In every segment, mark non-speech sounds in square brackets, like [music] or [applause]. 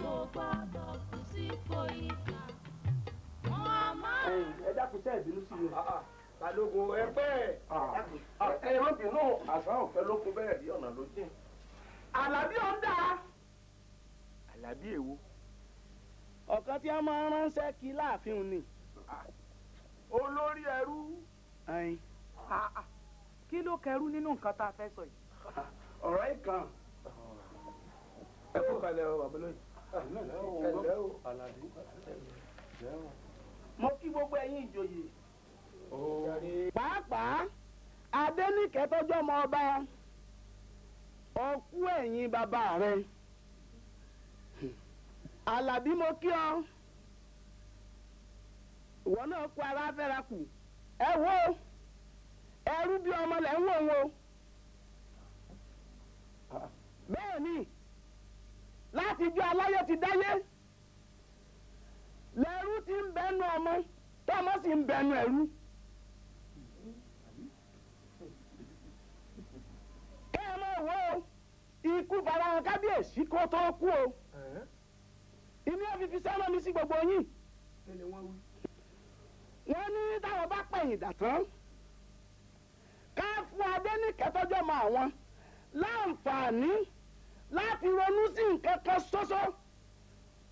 kò gbọ́dọ̀ kù sí fòyíkà. Wọ́n á máa. Ẹ dákun sẹ́ ìbínú sí mi. Ah, ah, Balógun ẹgbẹ́ ah, ẹ má bínú àṣà òfẹ́ ló kún bẹ́ẹ̀ bí ọ̀nà ló jìn. Àlàbí ọ̀ dáa. Àlàbí èwo. Ọ̀kan tí a máa ránṣẹ́ kí láàfin ni. Olórí ẹrú. Kí ló kẹrú nínú nǹkan tá a fẹ́ sọ yìí? Ọ̀rọ̀ yìí kan. Ẹ kú kalẹ̀ ọ, lóyún. mo kí gbogbo ẹ̀yin ìjòyè pàápàá adẹ́nìkẹ́ tọ́jọ́ ọmọ ọba ọkú ẹ̀yìn bàbá rẹ alábí mo kí ọ ìwọ náà kó ara fẹ́ra kù ẹ wo ẹrú bí ọmọ lẹ́ ń wò wọ́n bẹ́ẹ̀ ni. láti jọ aláyé ti dáyé lẹ́rú ti ń bẹnu ọmọ tọ́mọ sì ń bẹnu ẹ̀rú. kẹ́ ẹ máa wo ikú bàbá wọn kábíyèsí kó tó kú o inú ẹ̀ fífi sẹ́mọ́ mi sí gbogbo yín. wọ́n ní táwọn bá pẹ̀yìn dàtán ká fún adé ní kẹtọ́jọ́ mọ́ àwọn láǹfààní. láti ronú sí nǹkan kan ṣoṣo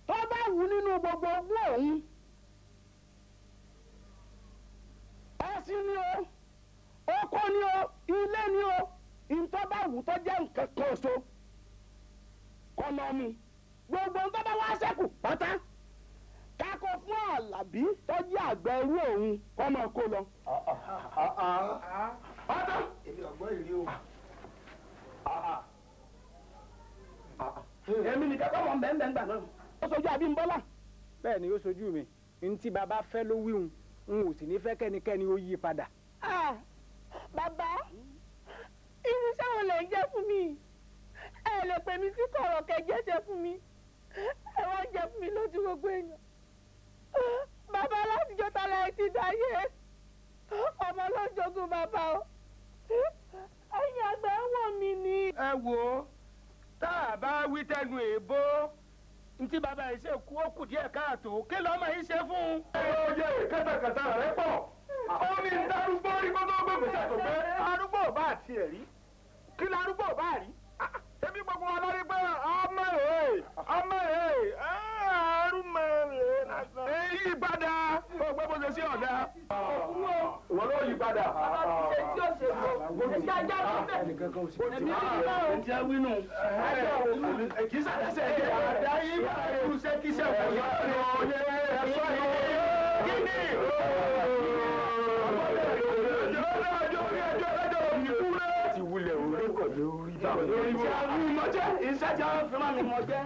bá wù nínú gbogbo ogún òun ẹṣin ni o oko ni o ilé ni o nǹkan bá wù tó jẹ́ nǹkan kan gbogbo nǹkan bá wá ṣẹ́kù pátá kákó fún àlàbí tó jẹ́ àgbẹ̀ irú òun Hmm. èmi nìkan kọ́ mọ̀ bẹ́ẹ̀ bẹ́ẹ̀ gbà náà. ó sojú Abímbọ́lá. bẹ́ẹ̀ ni ó sojú mi n tí baba fẹ́ ló wíhun n ò sì ní fẹ́ kẹ́nikẹ́ni ó yí padà. bàbá irinṣẹ́ wo lè jẹ́ fún mi ẹ lè pè mí sí kọ̀rọ̀ kẹjẹ jẹ fún mi ẹ wá jẹ fún mi lójú gbogbo èèyàn bàbá látijọ́ tala ẹ ti dáyé ọmọ ló jogún bàbá o ẹ̀yin àgbà ẹ wò mí ni. ẹ wo tá a bá èèbó ntí bàbá yìí ṣe kú ó díẹ̀ káàtó kí lọ́mọ yìí ṣe fún un. ẹ yóò jẹ ìkẹtàkẹtà rẹ pọ̀ ó ní darúgbó rí kó tó gbé gbèsè àtọgbẹ. arúgbó bá tiẹ̀ rí kí larúgbó bá rí ebi gbogbo wọn lórí pé ọmọ rẹ̀ ọmọ rẹ̀ ẹrúmọ rẹ̀ lásán. èyí padà ó gbé bó ṣe sí ọ̀dà. wọ́n ló yí padà. ṣé tí o ṣe kó ẹ̀ṣẹ̀ ajá ló bẹ̀. èmi ti bá o. ǹjẹ́ wínú. kì í sàdásẹ̀ ẹ̀jẹ̀ àdá yìí bá ẹ̀rù ṣẹ́kíṣẹ́ wọ̀ yọ̀ọ́ ọ̀yẹ́ ẹ̀ṣọ́ yìí. kí ni. ọmọ rẹ̀ ló ń bẹ̀rẹ̀ lọ́jọ́ orí ẹjọ́ ẹjọ́ òmìnir lẹ̀ orí kò lórí bá wọn. ìṣe àmì ìmọ̀jẹ́ ìṣe àjà fi máa mi mọ̀jẹ́.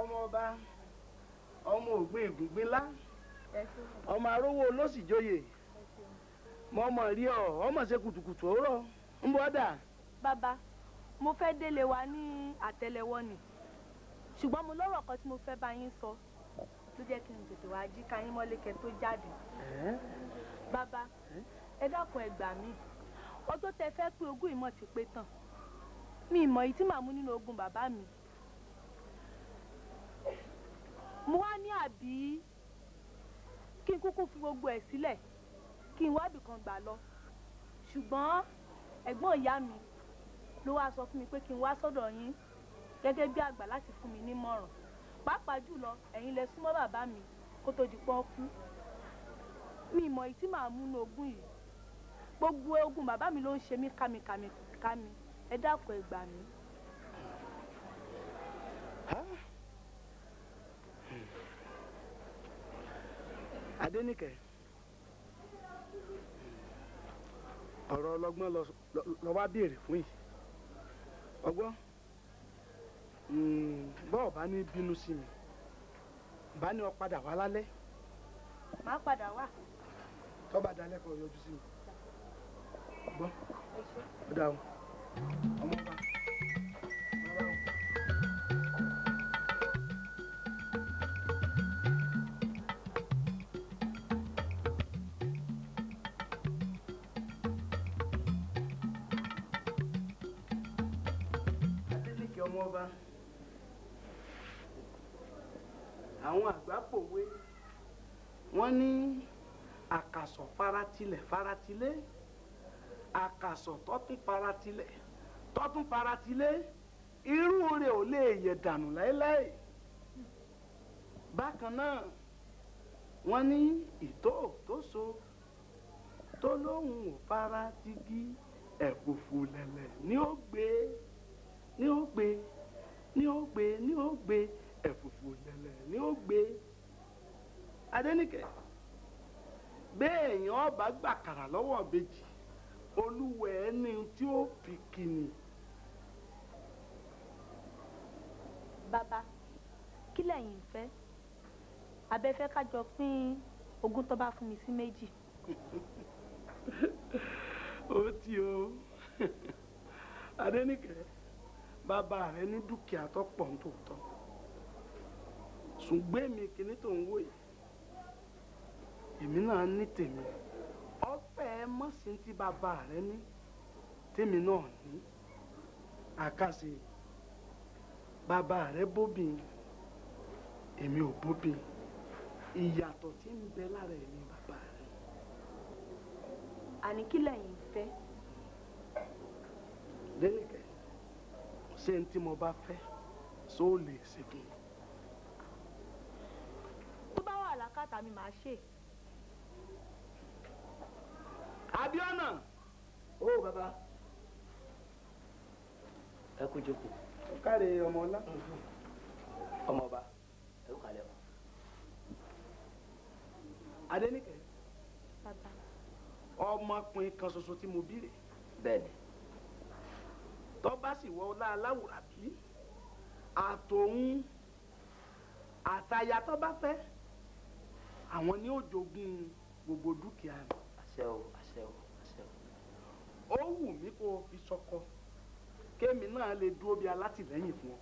ọmọ ọmọ ògbìn ìgúngbìn ọmọ aróówó olóṣìjọyè. ọmọ rí ọ ọmọ ṣe kùtùkùtù òwúrọ̀ ń bọ́ dà. bàbá mo fẹ́ délé wa ní àtẹ́lẹwọ́ ni ṣùgbọ́n mo lọ́rọ̀ kan tí mo fẹ́ bá yín sọ tó jẹ́ kí n tètè wá jí ká yín mọ́lé kẹ́ tó jáde. bàbá ẹ dákun ẹgbà mi. mí ọjọ́ tẹ fẹ́ pé ogún ìmọ̀ ti pé tán mi ìmọ̀ yìí tí màá mú nínú ogún bàbá mi. mo wá ní àbí kí n kúkú fi gbogbo ẹ̀ sílẹ̀. Si kí n wábì kan gbà lọ ṣùgbọ́n ẹ̀gbọ́n ìyá mi ló wáá sọ fún mi pé kí n wá sọ́dọ̀ yín gẹ́gẹ́ bí àgbà láti fún mi nímọ̀ràn pàápàá jùlọ ẹ̀yin lẹ súnmọ́ bàbá mi kó tó di pọ́n kú mi ìmọ̀ èyí tí màá mú ní ogún yìí gbogbo ogún bàbá mi ló ń ṣe mí kámikámikámi ẹ dákun ẹ gbà mí. Adéníkẹ́. ọ̀rọ̀ ọlọ́gbọ́n lọ wá béèrè fún yìí ọgbọ́n hmm, bọ́ọ̀ bá ní bínú sí mi bá ní ọ padà wá lálẹ́. má padà wá. tọ́ba dalẹ́ kọ́ yọjú sí mi ọgbọ́n ọ̀dà ọmọ ọba. wọ́n ní àkàsọ̀ faratilẹ̀ faratilẹ̀ àkàsọ̀ tọ́tún faratilẹ̀ tọ́tún faratilẹ̀ irú rẹ̀ ò lè yẹ̀ dànù láéláé bákan náà wọ́n ní ìtò tó so tó lóhùn ò fara tigi ẹ̀fùfù lẹ̀lẹ̀ ni ó gbé ni ó gbé ni ó gbé ni ó gbé ẹ̀fùfù lẹ̀lẹ̀ ni ó gbé adẹ́nìkẹ́ béèyàn ọba gbàkàrà lọ́wọ́ bèjì olúwa ẹni tí ó fi kìnnì. bàbá kí lẹ̀yin ń fẹ́ abẹ́fẹ́ ká jọ pín ogún tó bá fún mi sí méjì. [laughs] ó ti o [laughs] adẹ́nìkẹ́ bàbá rẹ ní dúkìá tó pọ̀ nítòótọ́ ṣùgbọ́n èmi kìíní tó ń wò èmi náà ní tèmi ọ̀fẹ́ mọ̀sí tí bàbá rẹ ní tèmi náà ní àkàṣe bàbá rẹ bóbìn èmi ò bóbìn ìyàtọ̀ tí ń bẹ lára èmi bàbá rẹ. àní kí lẹ́yìn fẹ́. lẹ́yìnkẹ́ ṣé n tí mo bá fẹ́ ṣó lè ṣe fún mi. tó bá wà lákàtà mi màá ṣe é. Abiona. oh, bàbá. Ẹ kú jókòó. Ó kárẹ̀ ọmọ ọlá. Ọmọ ọba, ẹ kú kálẹ̀ o. Adéníkẹ́. Bàbá. Ọmọkùnrin kan ṣoṣo tí mo bí rè. Bẹ́ẹ̀ni. Tọ́ba sì wọ ọlá aláwùrà bí àtòun àtàyà tọ́ba fẹ́ àwọn ni ó jogún gbogbo dúkìá mi. Àṣẹ o ó wù mí kó o fi sọkọ kémi náà lè dúró bí alátìlẹ́yìn fún ọ.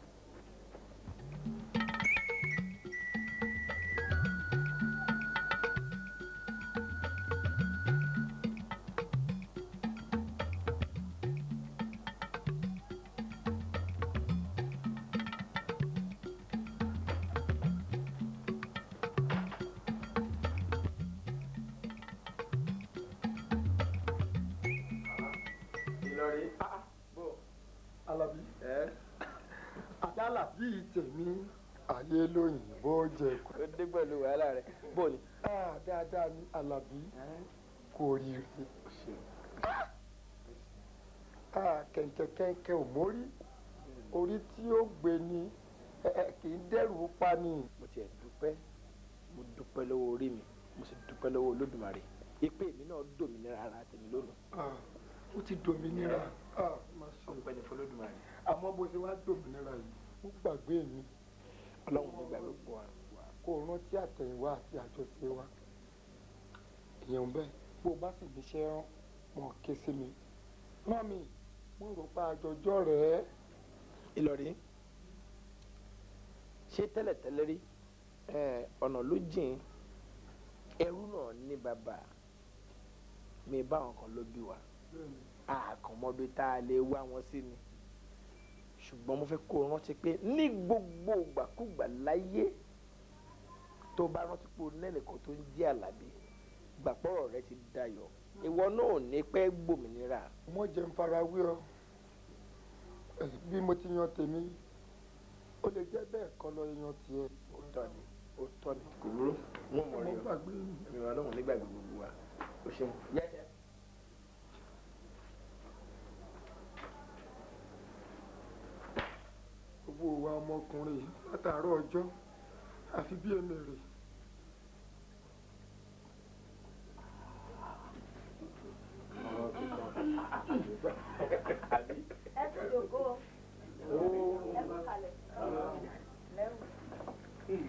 tèmi ayé lóyìnbó jẹ̀kú. ó dé pẹ̀lú wàhálà rẹ̀ bó ni. dáadáa ni alábí kò rí rí kẹ̀ǹkẹ̀kẹ̀ǹkẹ̀ ò mórí orí tí ó gbé ni kì í dẹ́rù pa ni. mo tiẹ̀ dúpẹ́ mo dúpẹ́ lọ́wọ́ orí mi mo sì dúpẹ́ lọ́wọ́ olódùmarè ipe mi náà dòmìnira ara tèmi lónìí. ó ti dòmìnira. ọpẹ́ ni fọlọ́dùmarè. àmọ́ bó ṣe wá dòmìnira yìí gbàgbé mi ọlọ́run ní gbàgbé pọ̀ wá kó o rántí àtẹ̀yìnwá àti àjọṣe wa èèyàn bẹ́ẹ̀ bó bá sì níṣẹ́ rán mọ̀ ké sí mi rán mi mo rò pa àjọjọ́ rẹ̀. ìlọrí ṣé tẹ́lẹ̀tẹ́lẹ̀ rí ọ̀nà ló jìn ẹrú náà ní bàbá mi báwọn kan ló bí wa àkànmọ́bí tá a lè wá wọn sí ni ṣùgbọ́n mo fẹ́ kó rántí pé ní gbogbo ìgbàkúgbà láyé tó bá rántí pé onẹ́nìkan tó ń jẹ́ àlàbí gbàpọ̀rọ̀ rẹ ti dayọ̀ ìwọ náà ní pẹ́ gbòmìnira. mo jẹ́ ń fara wé ọ bí mo ti yan tèmi ó lè jẹ́ bẹ́ẹ̀ kọ́ lọ yan tiẹ̀. ó tọ́ ni ó tọ́ ni kò burú mo mọ̀ rí ọ èmi nígbàgbọ́ gbogbo wa ó ṣeun. ìwà ọmọkùnrin yìí látàárọ̀ ọjọ́ àfi bí ẹ̀mẹ̀rẹ̀. ẹ tún yòókó ẹ kọ́ kalẹ̀ lẹ́wọ̀n.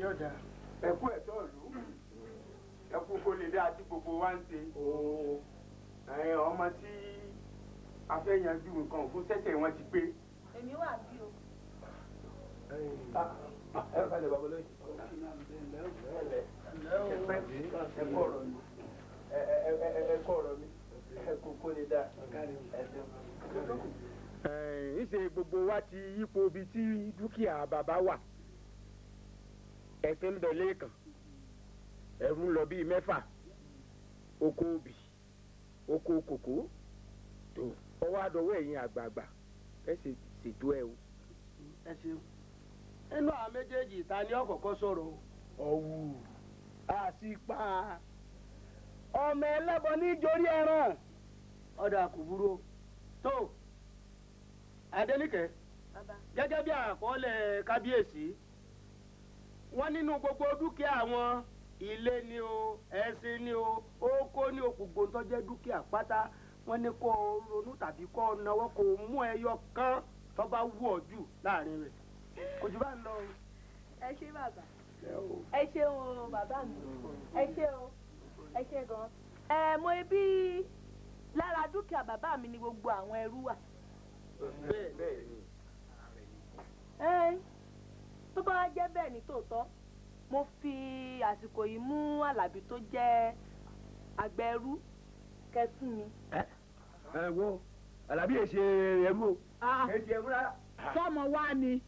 yọ̀dà ẹ̀kú ẹ̀tọ́ ìlú ẹ̀kú kólé dáa tí gbogbo wa ń ṣe ọmọ tí afẹ́yanjú nǹkan fún sẹ́sẹ̀ wọn ti pé èmi wà bí o. ẹ balẹ̀ bàbá lóyún. ẹ kọ ọ̀rọ̀ mi ẹ kọ ọ̀rọ̀ mi ẹ kò kó lè dá ẹ ṣeun ìṣe gbogbo wa ti yípo ibi tí dúkìá bàbá wà ẹsẹ̀ ń bẹ lẹ́ẹ̀kan ẹ̀rù ń lọ bíi mẹ́fà oko obì oko kòkó tó ọwọ́ àdọ́wọ́ ẹ̀yìn àgbààgbà ẹ̀sẹ̀ sì tó ẹ inú àwọn méjèèjì ta ni ọkọ̀ọ̀kọ́ sọ̀rọ̀ ọ̀wù àṣìpa ọmọ ẹlẹ́bọ níjorí ẹran kò burú tó bí kábíyèsí nínú gbogbo dúkìá ilé ni o ni o oko ni o gbogbo ń dúkìá pátá ní kó ronú tàbí kó náwó kó mú ẹyọ kan. tó bá wù ọ́ jù láàrin rẹ̀ kò jù bá ń lọ. ẹ ṣé bàbá ẹ ṣeun bàbá mi ẹ ṣeun ẹ ṣe gan. ẹ mọ ibi lára dúkìá bàbá mi ni gbogbo àwọn ẹrú wà. bẹ́ẹ̀ bẹ́ẹ̀ ni. ẹ tó bá jẹ́ bẹ́ẹ̀ ní tòótọ́ mo fi àsìkò yìí mú alábí tó jẹ́ agbẹrú kẹfún mi. ẹ wo alábí yẹn ṣe ẹrú o. sọmọ ah, ah. wa ni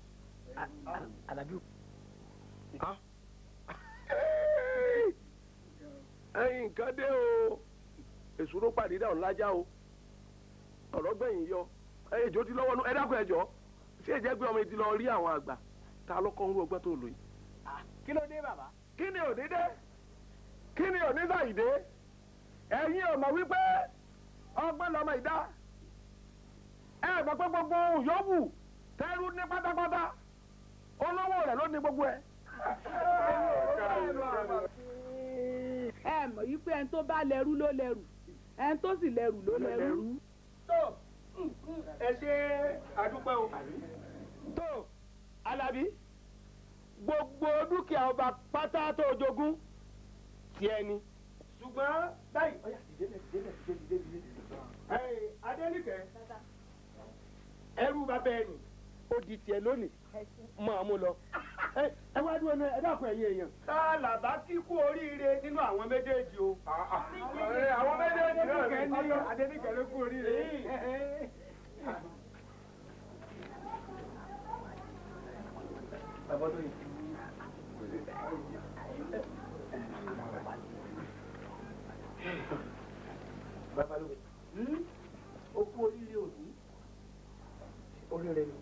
aladu. Ah. ẹyin nǹkan dé o èsúró pàdé dà ńlájà o ọ̀rọ̀ gbẹ̀yìn yọ ẹjọ́ ti lọ́wọ́ ẹ dákun ẹjọ́ ṣé ìjẹ́ pé ọmọ ìdí lọ rí àwọn àgbà ta lọ́kọ́ ń rú ọgbẹ́ tó lò yìí. kí ló dé bàbá. kí ni òní dé kí ni òní ẹ̀yin ẹ mọ̀ pé gbogbo yòówù tẹ́rù ní pátápátá olówó rẹ̀ ló ní gbogbo ẹ̀. ẹ mọ̀ yí pé ẹni tó bá lẹ́rú ló lẹ́rù ẹni tó sì lẹ́rù ló lẹ́rù. tó ẹ ṣe àdúpẹ́ o. tó alábí gbogbo dúkìá ọba pátá tó jogún tiẹ̀ ni. ṣùgbọ́n báyìí ọ̀yà ìdílé ìdílé ìdílé ìdílé. adéníkẹ́ ẹrú bàbá ẹni ó di tiẹ̀ lónìí máa mú lọ ẹ wá dúró náà ẹ dákun ẹ̀yin èèyàn. sáàlà bá kí kú oríire nínú àwọn méjèèjì o. Ah, ah. àwọn méjèèjì náà rẹ ní adẹnikẹ ló kú oríire. Bàbá orderly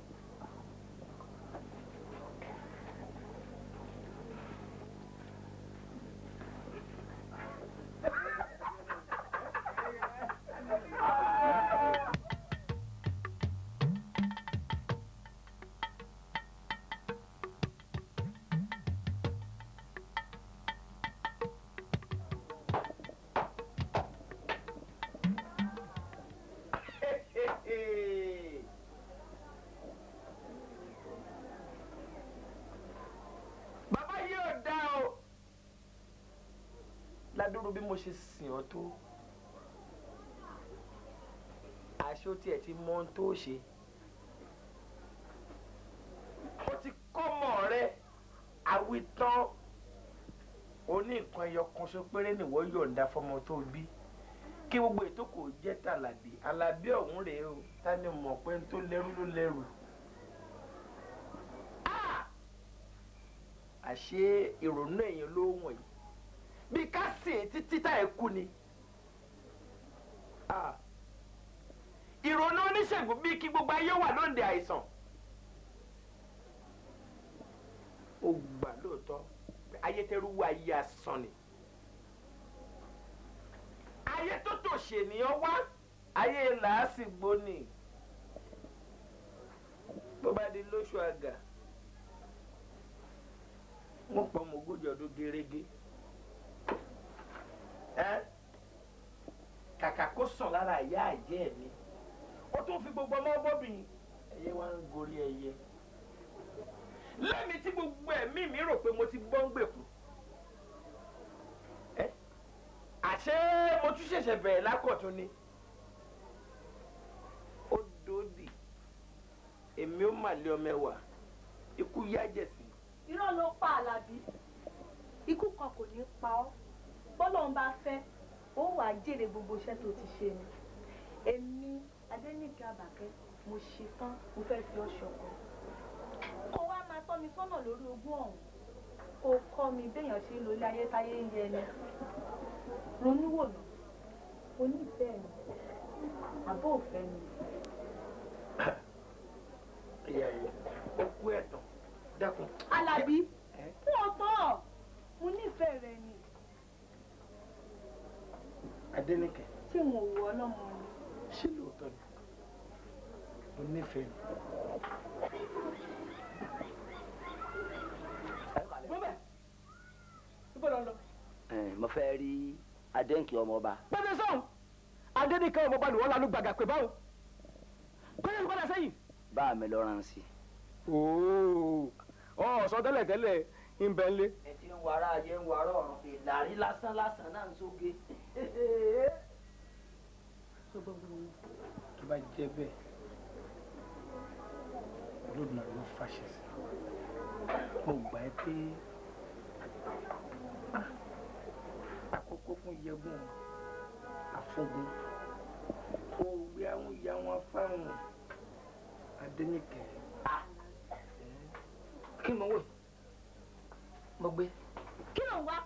ronú bí mo ṣe sìn ọ́ tó aṣọ tiẹ̀ ti mọ ohun tó ṣe ó ti kọ́ mọ̀ rẹ àwitán oní nǹkan ẹyọ kan ṣo péré nìwọ yọ̀ǹda fọmọ tó bí kí gbogbo ètò kò jẹ́ tàlàbí alábí ọ̀hún rèé o ta ni mọ̀ pé n tó lẹ́rú ló lẹ́rù. Ah! àṣé ìrònú ẹ̀yìn ló wọ̀nyí bí ká sè é títí tá ẹ kú ni. ìrònú oníṣègùn bíi kí gbogbo ayé wà lóde àìsàn. ó gbà lóòótọ́ ayétẹ́rú wá ayé asán ni. ayé tó tòṣè nìyẹn wá ayé làásìgbò ni bó bá di lóṣù àgà wọ́n pọ̀ mọ́ ogójì ọdún gẹ́rẹ́gẹ́ kàkà kó sàn lára ìyá àjẹ́ mi ó tún fi gbogbo ọmọ bọ́bìnrin ẹyẹ wá ń gorí ẹyẹ lẹ́mi tí gbogbo ẹ̀mí mi rò pé mo ti gbọ́ ń gbèkú àṣé mo tún ṣẹ̀ṣẹ̀ bẹ̀rẹ̀ lákọ̀tún ni ó dòdì èmi ó mà lé ọmọ ẹwà ikú yájẹ̀ sí. irọ́ ló pa Àlàbí ikú kan kò ní pa ọ́ bọ́lọ́run bá fẹ́ ó wàá jèrè gbogbo iṣẹ́ tó ti ṣe ni èmi adẹ́nìkẹ́ àbàkẹ́ mo ṣe tán mo fẹ́ fi ọ́ ṣọ̀kan kó wá máa tọ́ mi sọ́nà lórí ogún ọ̀hún kó kọ́ mi béèyàn ṣe ń lo ilé ayé ń yẹ ni ronúwòlò onífẹ́ mi àbó òfẹ́ mi. ìyàwó ẹ̀tàn dákun. Alábí fún ọtọ mo nífẹ̀ẹ́ rẹ ni. Adéníkẹ́. Ṣé mo wù ọ́ lọ́mọ ni? Ṣé lóòótọ́ ni? Mo nífẹ̀ẹ́ mi. Bọ́bẹ̀, bọ́bẹ̀ lọ lọ. Mo fẹ́ rí Adéǹkì ọmọọba. Bẹ́ẹ̀ sọ̀rọ̀, Adéníkẹ́ ọmọọba ni wọ́n lálú gbàgà pé báwo? Kọ́lé ìpadà sẹ́yìn. Bá mi lọ ránṣẹ́. Ooo, ọ̀ sọ tẹ́lẹ̀ tẹ́lẹ̀ ń bẹ́ńlé. Ẹ ti ń wàrà ayé ń wàrà ọ̀run, ìlàrí lásán lásán náà ń sóge tó bá jẹ́ bẹ́ẹ̀ olódùmarè ló fàṣẹ kí ló ń wá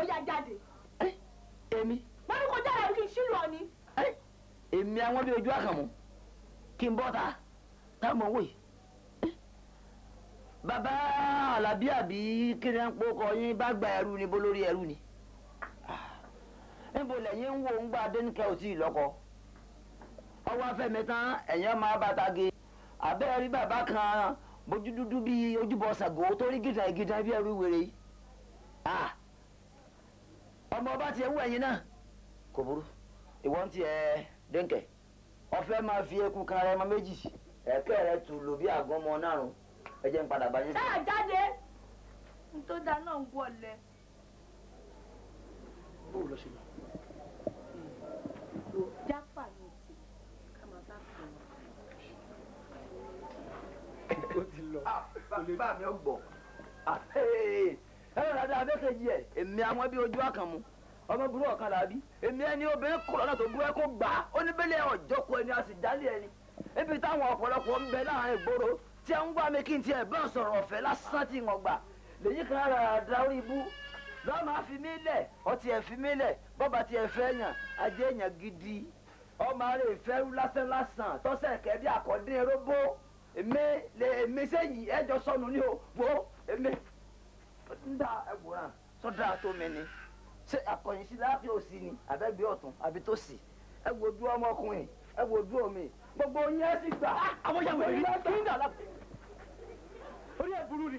ó yá jáde. èmi. wọ́n ní kò jáde kí n ọ èmi àwọn bíi ojú àkànmú kí n bọ́ ta mọ̀ wò yìí. bàbá alábí àbí kí ni à ń pọ́ kọ yín bá gba ẹrú ni bó lórí ẹrú ni. níbo lẹ́yìn ń wo ń gba adéníkẹ́ ò ọwọ́ afẹ́mi tán máa bàtà ge rí bàbá kan bójú dúdú bíi ọmọ ọba ti wú ẹ̀yìn náà kò burú ìwọ ń tiẹ̀ dẹ́ǹkẹ̀ ọfẹ máa fi eku kan ara ẹmọ méjì ẹkẹ rẹ tù lò bí ọmọ náà ẹ jẹ ń padà bá yín. jáde da náà ń lẹ. o lọ ẹ̀rọ dada abẹ́kẹ̀jì ẹ̀ èmi àwọn bíi ojú àkànmú ọmọ burú ọ̀kan làbí èmi ẹni obìnrin kúrò náà tó bú ẹ kó gbà á ó ní bẹ́lẹ̀ ọ̀jọ́kọ ẹni a sì dálé ẹni níbi táwọn ọ̀pọ̀lọpọ̀ ń bẹ láàrin ìgboro tí ẹ ń wá mi kí n tiẹ̀ bẹ́ẹ̀ sọ̀rọ̀ ọ̀fẹ́ lásán tí wọ́n gbà lèyí kan rà dá orí ibú lọ́ọ́ máa fi mí lẹ̀ ọtí ẹ̀ fi mí lẹ̀ bọ́ba ti ẹ̀ fẹ́ yàn ajé èèyàn gidi ọmọ rẹ ìfẹ́rú lásán lásán tọ́sẹ̀ kẹ́ bí àkọ́dé róbó èmi lè èmi sẹ́yìn ẹjọ́ sọnù ní o wo èmi da ẹwòrán sọdá tó mẹni ṣé àkọyìnsí láàfin òsì ni àbẹ́gbẹ́ ọ̀tún àbí tó sì ẹ wo ojú ọmọkùnrin ẹ wo ojú omi gbogbo yín ẹ sì gbà. Ah, àwọn yàgò yìí kí n dà lápò orí ẹ burú ni.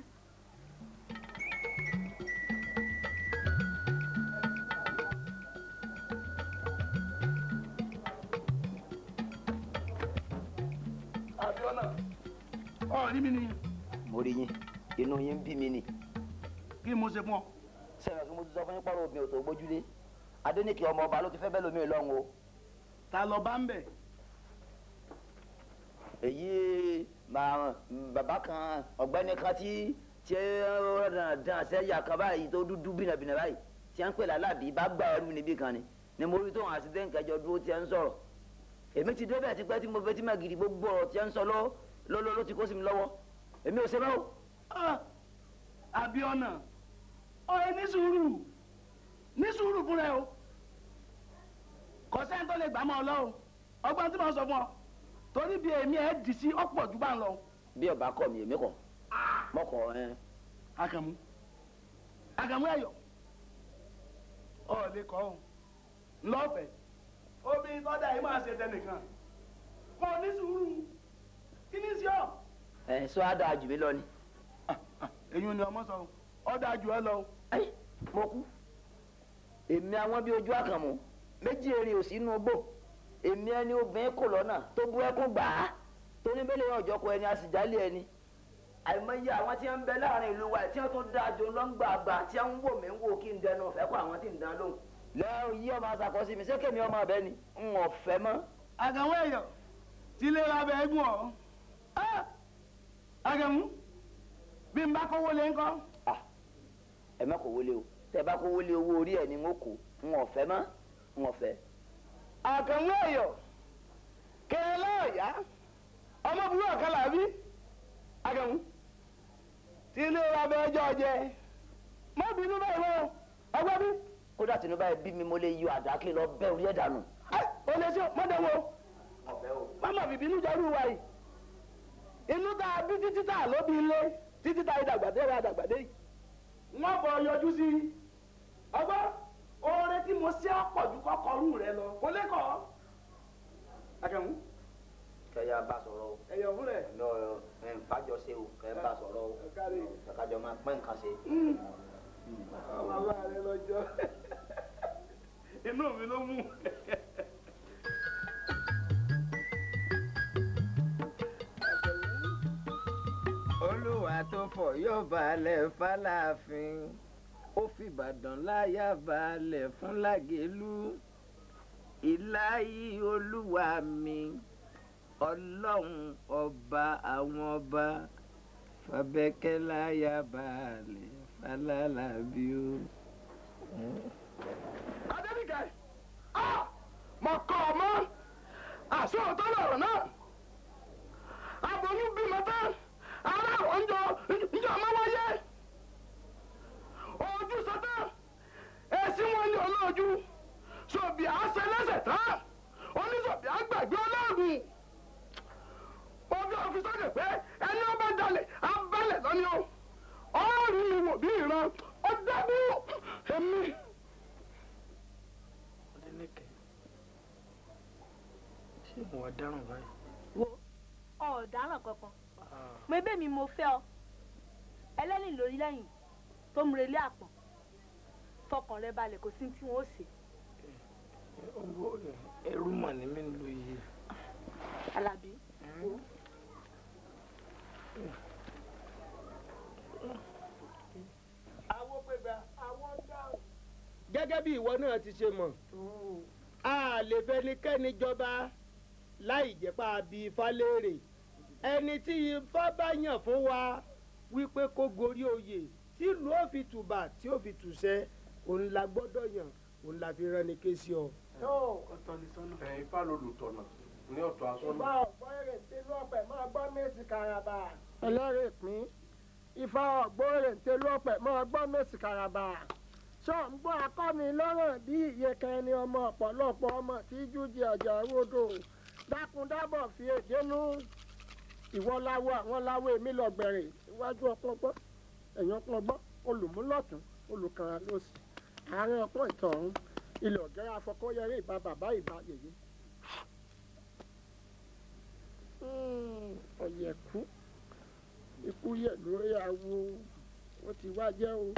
àbíọ́nà ọ̀rí mi ni. mo rí yín inú yín bí mi ni kí mo ṣe fún ọ. sẹ́wọ̀n kí mo ti sọ fún yín pọ́nrọ́ obìnrin òtò gbójúlé adéníkì ọmọ ọba ló ti fẹ́ bẹ́ẹ̀ lómi ìlọ́run o. ta lọ bá ń bẹ̀. èyí bàbá kan ọ̀gbẹ́ni kan tí tí dandan sẹ́yà kan báyìí tó dúdú bìnàbìnà báyìí tí wọ́n ń pè lálàbí bá gbà ẹrú níbí kan ni ni mo rí tóun àti dẹ́nkẹjọ dúró tí wọ́n ń sọ̀rọ̀ èmi ti débẹ̀ tipẹ́ tí mo fẹ́ tí mà gidi gbogbo ọ̀rọ̀ tí wọ́n ń sọ lọ́wọ́ ló ti kó sí mi lọ́wọ́ èmi ò ṣe báwo. Ah! Abíọ́nà ọ̀rẹ́ ní sùúrù ní sùúrù fún rẹ o kò sẹ́ni tó lè gbà mọ́ ọ lọ́wọ́ ọgbọ́n tí mo sọ fún ọ torí bí èmi ẹ̀ dì sí ọ̀pọ̀ jù bá ń lọ. bí ọba kọ mi èmi kọ ah! ẹ. akamu akamu ẹyọ ọ lè kọ ọ lọfẹ omi yìí máa ṣe tẹnìkan kọ ní sùúrù kí ni sí ọ. ẹ sọ lọ ni. Ah, ah, ni ọmọ sọ ọ ayi mo kú èmi àwọn bíi ojú àkànmú méjì èrè ò sínú bò èmi ẹni obìnrin kò lọ́nà tó bu ẹkún gbà á tó ní bẹ́lẹ̀ ọjọ́ kọ ẹni àsìjálè ẹni àìmọye àwọn tí wọ́n ń bẹ láàrin ìlú wa tí wọ́n tún dáa jò lọ́ngbà àgbà tí wọ́n ń wò mí ń wò kí n dẹnu ọ̀fẹ́ kó àwọn tí ń dán lóhùn. lẹ́yìn yí ọmọ àṣàkọsí mi sékè mi ọmọ ọ̀bẹ ni n ò fẹ́ mọ́. àgàwọ̀ èèyàn ti lè ra abẹ́ egun ọ̀ àgàmú bí n bá kówó lé ńkọ́. ẹ má kó wọlé o tẹ bá kó wọlé owó orí ẹ ni wọn kó ọfẹ mọ ọfẹ. ọyọ kẹrin lọọyà ọmọ burú ọkàn làbí tí ilé wa bẹ ẹjọ jẹ má bínú báyìí wọn ọgbẹ bí. kódà bí mi mo lè bẹ orí ẹ wo mama jẹrú wa yìí inú bí títí ló bí ilé títí wọ́n bọ̀ yọjú sí i ọgbọ́ oore tí mo ṣe àpọ̀jù kọ́kọ́rù rẹ lọ kó lẹ́kọ̀ọ́ akẹ́hùn. kẹyà bá sọ̀rọ̀ o. ẹyọ fún rẹ. ní ọyọ ẹ ń fàjọ ṣe o kẹ bá sọ̀rọ̀ o. kàkàjọ máa pẹ́ nǹkan ṣe. Hmm. bàbá rẹ lọ́jọ́ [laughs] inú mi ló mú. [laughs] olúwa tó fọ̀ yóò balẹ̀ fàlàfin ó fìbàdàn láyà balẹ̀ fún làgẹ̀lú ìláyí olúwa mi ọlọ́run ọba àwọn ọba fàbẹ́kẹ́ láyà balẹ̀ fàlàlàbí o. adébíkẹ́ mo kọ́ ọ mọ́ àsọ̀tọ́ lọ̀rọ̀ náà aboyún bí mi. Adélékè, ṣé mo wá dáràn báyìí? Wo ọ̀daràn kankan. Mo ebé mi mo fẹ́ ọ. Ẹlẹ́rìn lórí lẹ́yìn tó mú relé àpọ̀n. Fọkàn rẹ balẹ̀ kò sí tí wọ́n ó ṣe. Ẹrú mà ní mí ń Alábí, wo. gẹ́gẹ́ bí ìwọ náà ti ṣe mọ̀ a lè fẹnikẹ́ni jọba láì jẹ́ pa bí ifá léèrè ẹni tí ifá bá yàn fún wa wípé kó gorí oyè tílùú ò fi tùbà tí ò fi tùṣẹ òun la gbọ́dọ̀ yàn òun la fi rán ni ké sí ọ. ẹ̀yin ifá lolùtọ̀nà ní ọ̀tọ̀ asọ́nà. bá ọ̀gbọ́n èrè ń máa gbọ́ méjì karaba. ẹlẹ́rìí pín ifá ọ̀gbọ́n èrè ń tẹ́lú ọ̀pẹ̀ máa gbọ́ méjì karaba ṣọ̀ǹgbọ́ akọ́ni lọ́rọ̀ bí ìyẹ̀kẹ́ ni ọmọ ọ̀pọ̀lọpọ̀ ọmọ tí jújì àjà rodò dákúndábọ̀ fi èdénú ìwọ láwọ àwọn láwọ èmi lọ́gbẹ̀rẹ̀ iwájú ọpọ́n gbọ́ ẹ̀yìn ọpọ́n gbọ́ olùmúlọ̀tún olùkàrà lọ́sì àárín ọpọ́n ìtọ̀hún ilẹ̀ ọ̀gẹ́rẹ́ afọkọ́yẹrẹ ìbá bàbá ìbá yèyé. Hmm, ọ̀yẹ̀kú ikú yẹ̀ lórí awo ó ti wá jẹ́ o.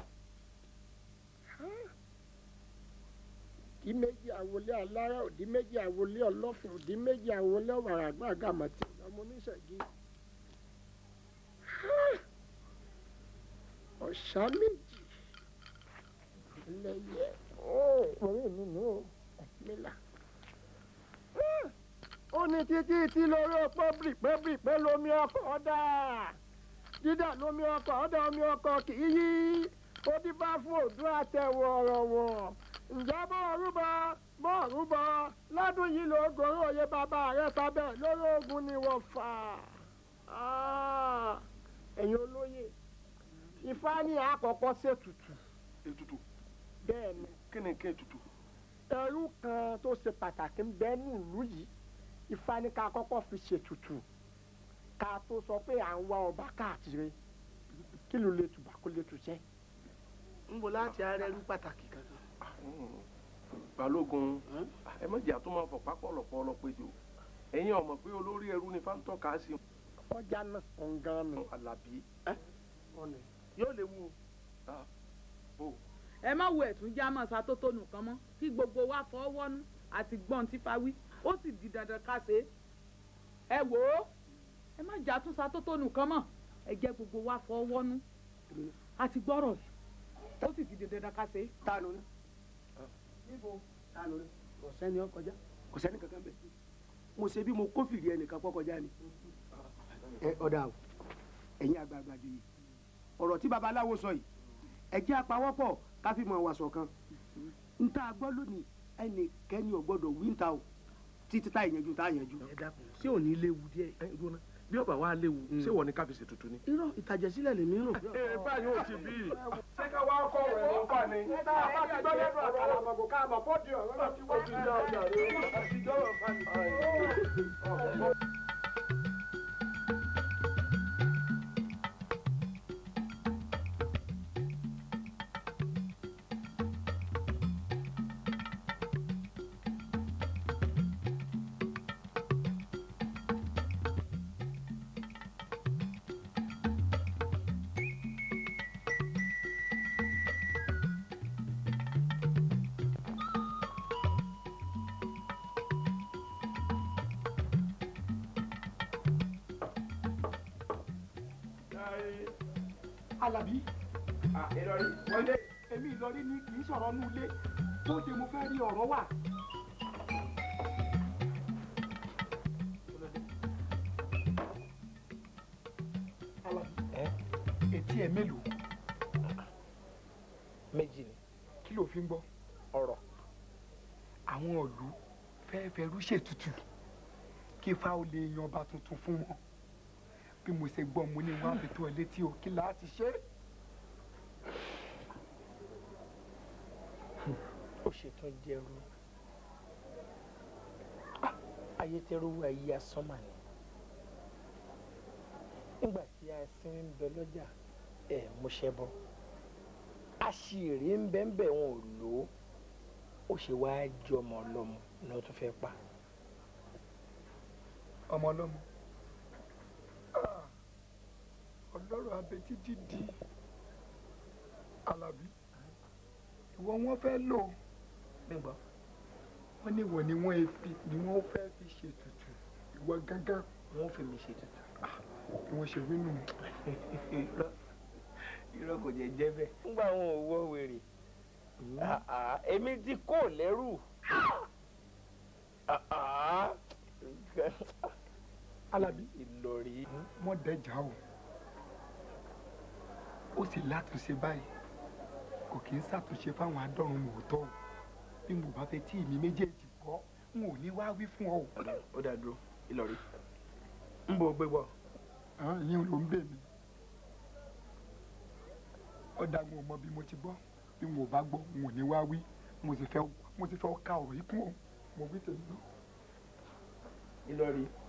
Di méjì àwọlé alára òdì méjì àwọlé ọlọ́fin òdì méjì àwọlé ọ̀wàrà àgbàgàmọ̀ tí ọmọ oníṣègì ọ̀sá méjì lẹ́yẹ orí mi nù ó mílà. ó ní títí tí lórí ọpọ́ bìrìpẹ́bìrì pé lomi ọkọ̀ ọ̀dà dídà lomi ọkọ̀ ọ̀dà omi ọkọ̀ kì í yí ó dífá fún òdú àtẹ̀wọ̀ ọ̀rọ̀ wọ̀ ǹjẹ́ bó rúbọ bó rúbọ lọ́dún yìí ló gorí òye bàbá rẹ̀ sábẹ̀ lórí ogun ni wọ́n fà á ah, ẹ̀yin olóyè ifá ní àkọ́kọ́ ṣètùtù. ètùtù. bẹ́ẹ̀ ni. kí ni kí ètùtù. ẹrú kan tó ṣe pàtàkì ń bẹ ní ìlú yìí ifá ní ká kọ́kọ́ fi ṣètùtù ká tó sọ pé à ń wá ọba káàkiri kí ló lè tùbà kó lè tùṣẹ́ ń bo láti ara ẹrú pàtàkì kankan. balógun ẹ má jẹ́ àtúmọ̀ fọ̀pá pọ̀lọpọ̀ ọlọ́pẹ́ jù ẹ̀yin ọmọ pé olórí ẹrú ni fáńtọ́ kà á sí. kọjá náà ọ̀ǹgàn nù. alábí. yóò lè wú o. Ah, ẹ má wo ẹ̀tún já mọ́ sátótónù kan mọ́ kí gbogbo wa fọ́ wọ́nú àti gbọ́n tí fa wí ó sì di dandan ká ṣe é. ẹ wò ó ẹ má jà tún sátótónù kan mọ́ ẹ jẹ́ gbogbo wa fọ́ wọ́nú àti gbọ́rọ̀ yìí ó sì ti di dandan ká ṣe é. tánu ní. níbo tánu ní. ọ̀sẹ́ni ọkọjá ọ̀sẹ́ni kankan bẹ̀. mo ṣe bí mo kófìrí ẹnìkan kọkọjá ni. ẹ ọ̀dà o ẹ̀yin àgbààgbà jòyè ọ̀rọ̀ tí babaláwo sọ yìí ẹ jẹ́ apawọ́pọ̀ ká fi mọ̀ wàṣọ kan n tá a gbọ́ lónìí ẹnìkẹ́ni ò gbọ́dọ̀ wí ń ta o títí tá ìyẹnjú tá ìyẹnjú. ẹ dákun ṣé ò léwu díẹ̀ ẹ gbóná bí ọba wa léwu ṣé wọ ni káfíìsì tuntun ni. irọ́ ìtàjẹ̀sílẹ̀ lèmi rò. ee báyìí ó ti bí. ṣé ká wá kọ ọ̀rọ̀ ẹ̀rọ pa ni. tá a bá gbọ́ lẹ́nu ọ̀rọ̀ àlàmọ̀gò ká mọ̀ fọ́ọ̀dì ọ̀rọ̀ náà ti wá. ó ti dá ọjà rẹ̀ ó ti dá ọ̀rọ̀ pa alábí. ìlọrí ah, wọlé. èmi ìlọrí ni kì í sọ̀rọ̀ nù ilé bóde mo fẹ́ rí ọ̀rọ̀ wà. etí ẹ mélòó. méjì ni. kí ló fi ń gbọ́ ọ̀rọ̀. àwọn ìlú fẹ́ẹ́ fẹ́ẹ́ rú ṣètùtù kí fáwọn lè yan ọba tuntun fún wọn bí mo ṣe gbọ́ mo ní wọn á fi tó ẹ létí o kí la ti ṣe. ó ṣetán jẹrú ah, ayé tẹrú ayé asánmà ni nígbà tí a sin ń bẹ lọ́jà ẹ̀ mo ṣẹ bọ́ àṣírí ń bẹ ń bẹ wọn ò lò ó ó ṣe wáá jọmọ ọlọmọ ni wọn tún fẹ́ pa. ọmọ ọlọmọ. lọ́rọ̀ abẹ títí di alábí ìwọ wọn fẹ́ lò nígbà wọn ní ìwọ ni wọn e fi ni wọn fẹ́ fi ṣètùtù ìwọ gángan wọn fi mi ṣètùtù ìwọ ah, ṣe wí nù. irọ́ kò jẹ́ jẹ́ bẹ́ẹ̀. nígbà wọn ò wọ wèrè hmm. ah, ah, èmi ti kó lẹ́rù alábí ìlọrí. wọ́n dẹjà o ó sì látúnṣe báyìí kò kí ń ṣàtúnṣe fáwọn adọ́run mòótọ́ o bí mo bá fẹ́ tí ìmí méjèèjì kọ́ n ò ní wá wí fún ọ o. ó dà dúró ìlọrí ń bọ̀ gbé wọ. yín ló ń bè mí ó dá mi ò mọ bí mo ti gbọ́ bí mo bá gbọ́ n ò ní wá wí mo sì fẹ́ ká ọ̀rọ̀ yìí kún o mo wí tèmi náà. ìlọrí.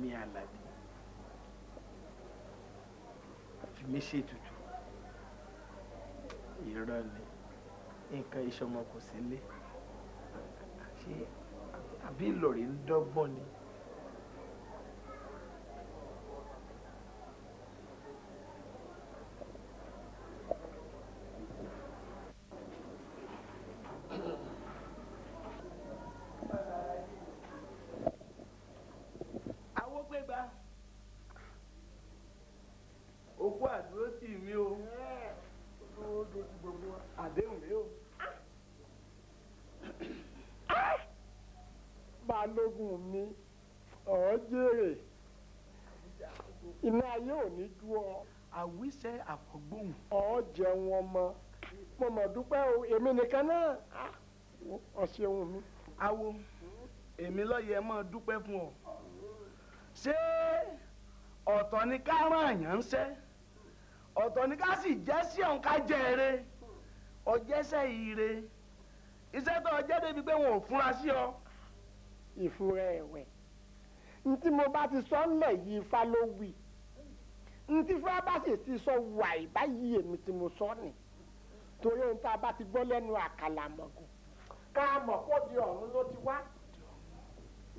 mi alade, fi se ṣètùtù irọ́ ni nǹkan iṣẹ́ ọmọ kò sí lé ṣé àbí ìlọrí ń dọ́gbọ́n ni. balógun mi ọ̀ jèrè iná ayé ò ní ju ọ. àwíṣẹ àfọgbóhùn. ọ jẹun ọmọ mo mọ̀ dúpẹ́ o èmi nìkan náà ọ ah, ṣeun mi. awo èmi lọ́yẹ máa dúpẹ́ fún ọ ṣé ọ̀tọ̀ ni ká rán àyàn ń ṣẹ́ ọ̀tọ̀ ni ká sì jẹ́ sí ọ̀hún ká jẹ́ eré ọjẹ́sẹ̀ ire iṣẹ́ tó ọjẹ́ débi pé wọn ò fúnra sí ọ ìfúra ẹ̀wẹ̀ ntí mo bá ti sọ ńlẹ̀ yìí ifá ló wí ntí ifá bá sì ti sọ wàì báyìí èmi tí mo sọ ni torí ohun tá a bá ti gbọ́ lẹ́nu àkàlàmọ̀gùn ká mọ̀ kó di ọ̀run ló ti wá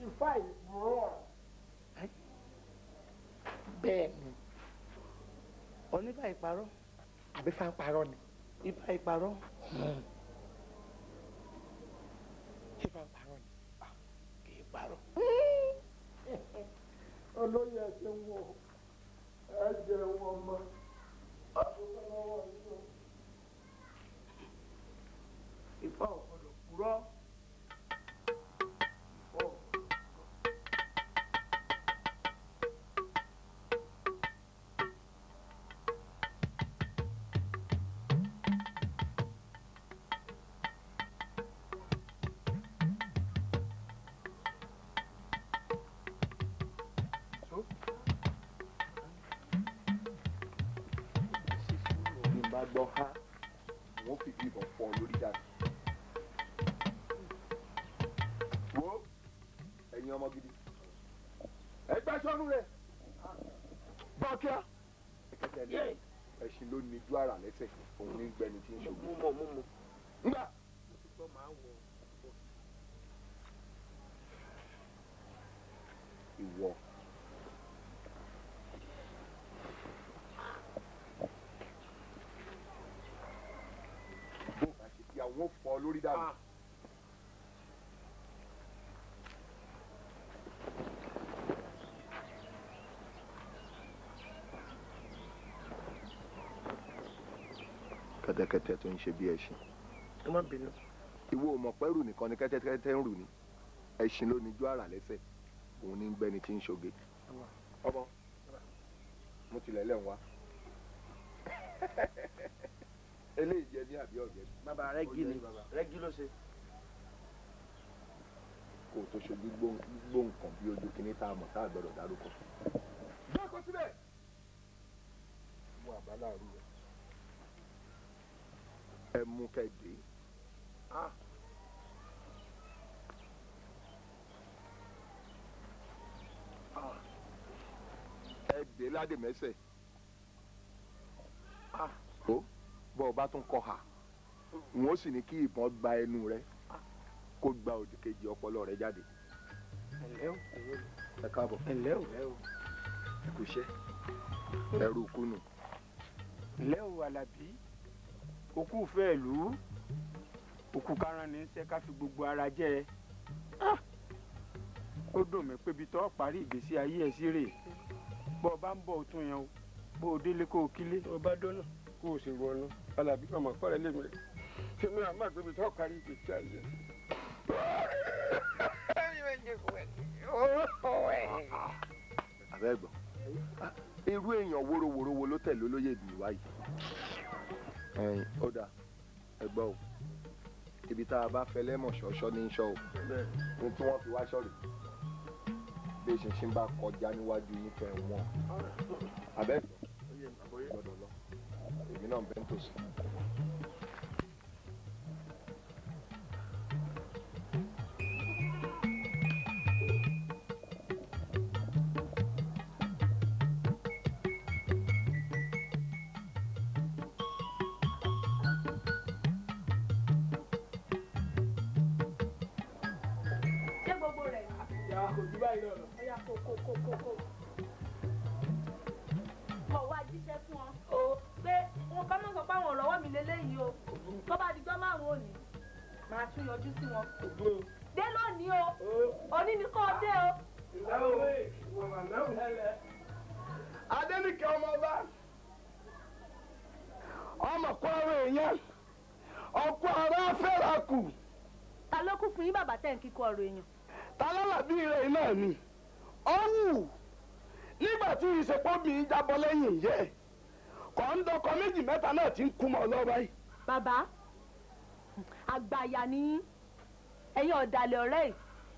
ifá ìbúrò ọ̀run. bẹ́ẹ̀ ni onífà ìparọ́ àbí fà ń parọ́ ni. ifá ìparọ́. Hmm. ifá ìparọ́ parọ́. olóyè ẹsẹ̀ ń wọ ẹ jẹun ọmọ àbúkọ́ lọ́wọ́ yìí o. ìfọ̀ yìí kẹ́tẹ́kẹ́tẹ́ tó ń ṣe bí ẹṣin. ẹ má bínú. ìwọ ò mọ̀ pé rù nìkan ni kẹ́tẹ́kẹ́tẹ́ ń rù ni ẹṣin ló ní ju àrà lẹ́sẹ̀ òun ní gbẹ́ni tí ń ṣoge. ọmọ mo tilẹ̀ lẹ́ ń wá. eléyìí jẹ ní àbí ọ̀jẹ̀. bàbá rẹ́gí ni rẹ́gí ló ṣe. kò tó ṣojú gbóǹkan bí ojú kìíní tá a mọ̀ tá a gbọ́dọ̀ dárúkọ. bá a kọ síbẹ̀. mo àbá láàrú rẹ ẹ mú kẹ́dé ah. ah. ẹ dé ládé mẹ́sẹ̀ ah. ó bọ́ ọ bá tún kọ hà wọ́n sì ní kí ìbọn gba ẹnu rẹ kó gba òdì kejì ọpọlọ rẹ jáde. ẹ káàbọ̀ ẹ kò ṣe ẹrù kùnú. ẹ alábí òkú fẹ́ ìlú òkú karan ní sẹ́ ká fi gbogbo ara jẹ́ ẹ ah! ó dùn mí pé ibi tó parí ìgbésí ayé ẹ sí rèé bó o bá ń bọ̀ òtún yẹn o bó o délé kó o kílé. tó o bá dọ́nà kó o sì wọnú alábí ọmọ kọ́rẹ́ lè mi ṣé mi àmọ́ àgbẹ̀ mi tó parí ìgbésí ayé. abẹ́gbọ̀n irú èèyàn wórówóró wo ló tẹ̀lé olóyè ìdìbò wáyé ó dà ẹ gbọ́ o ibi tá a bá fẹ́ lẹ́mọ̀ ṣọ́ṣọ́ ní ṣọ́ o ní tí wọ́n fi wá ṣọ́ọ̀rì bí ìṣinṣin bá kọjá níwájú yín fẹ́ wọn abẹ́ gbọ́dọ̀ lọ èmi náà bẹ́ẹ̀ tó sùn. ọ̀rọ̀ èèyàn. tálábàbí rẹ̀ náà ni ó wù nígbà tí ìṣepọ̀ mi jábọ́ lẹ́yìn yẹ kò ń dọkọ méjì mẹ́ta náà ti ń kú mọ́ lọ́wọ́ yìí. bàbá àgbàyà ni ẹ̀yin ọ̀dàlẹ̀ ọ̀rẹ́ ẹ̀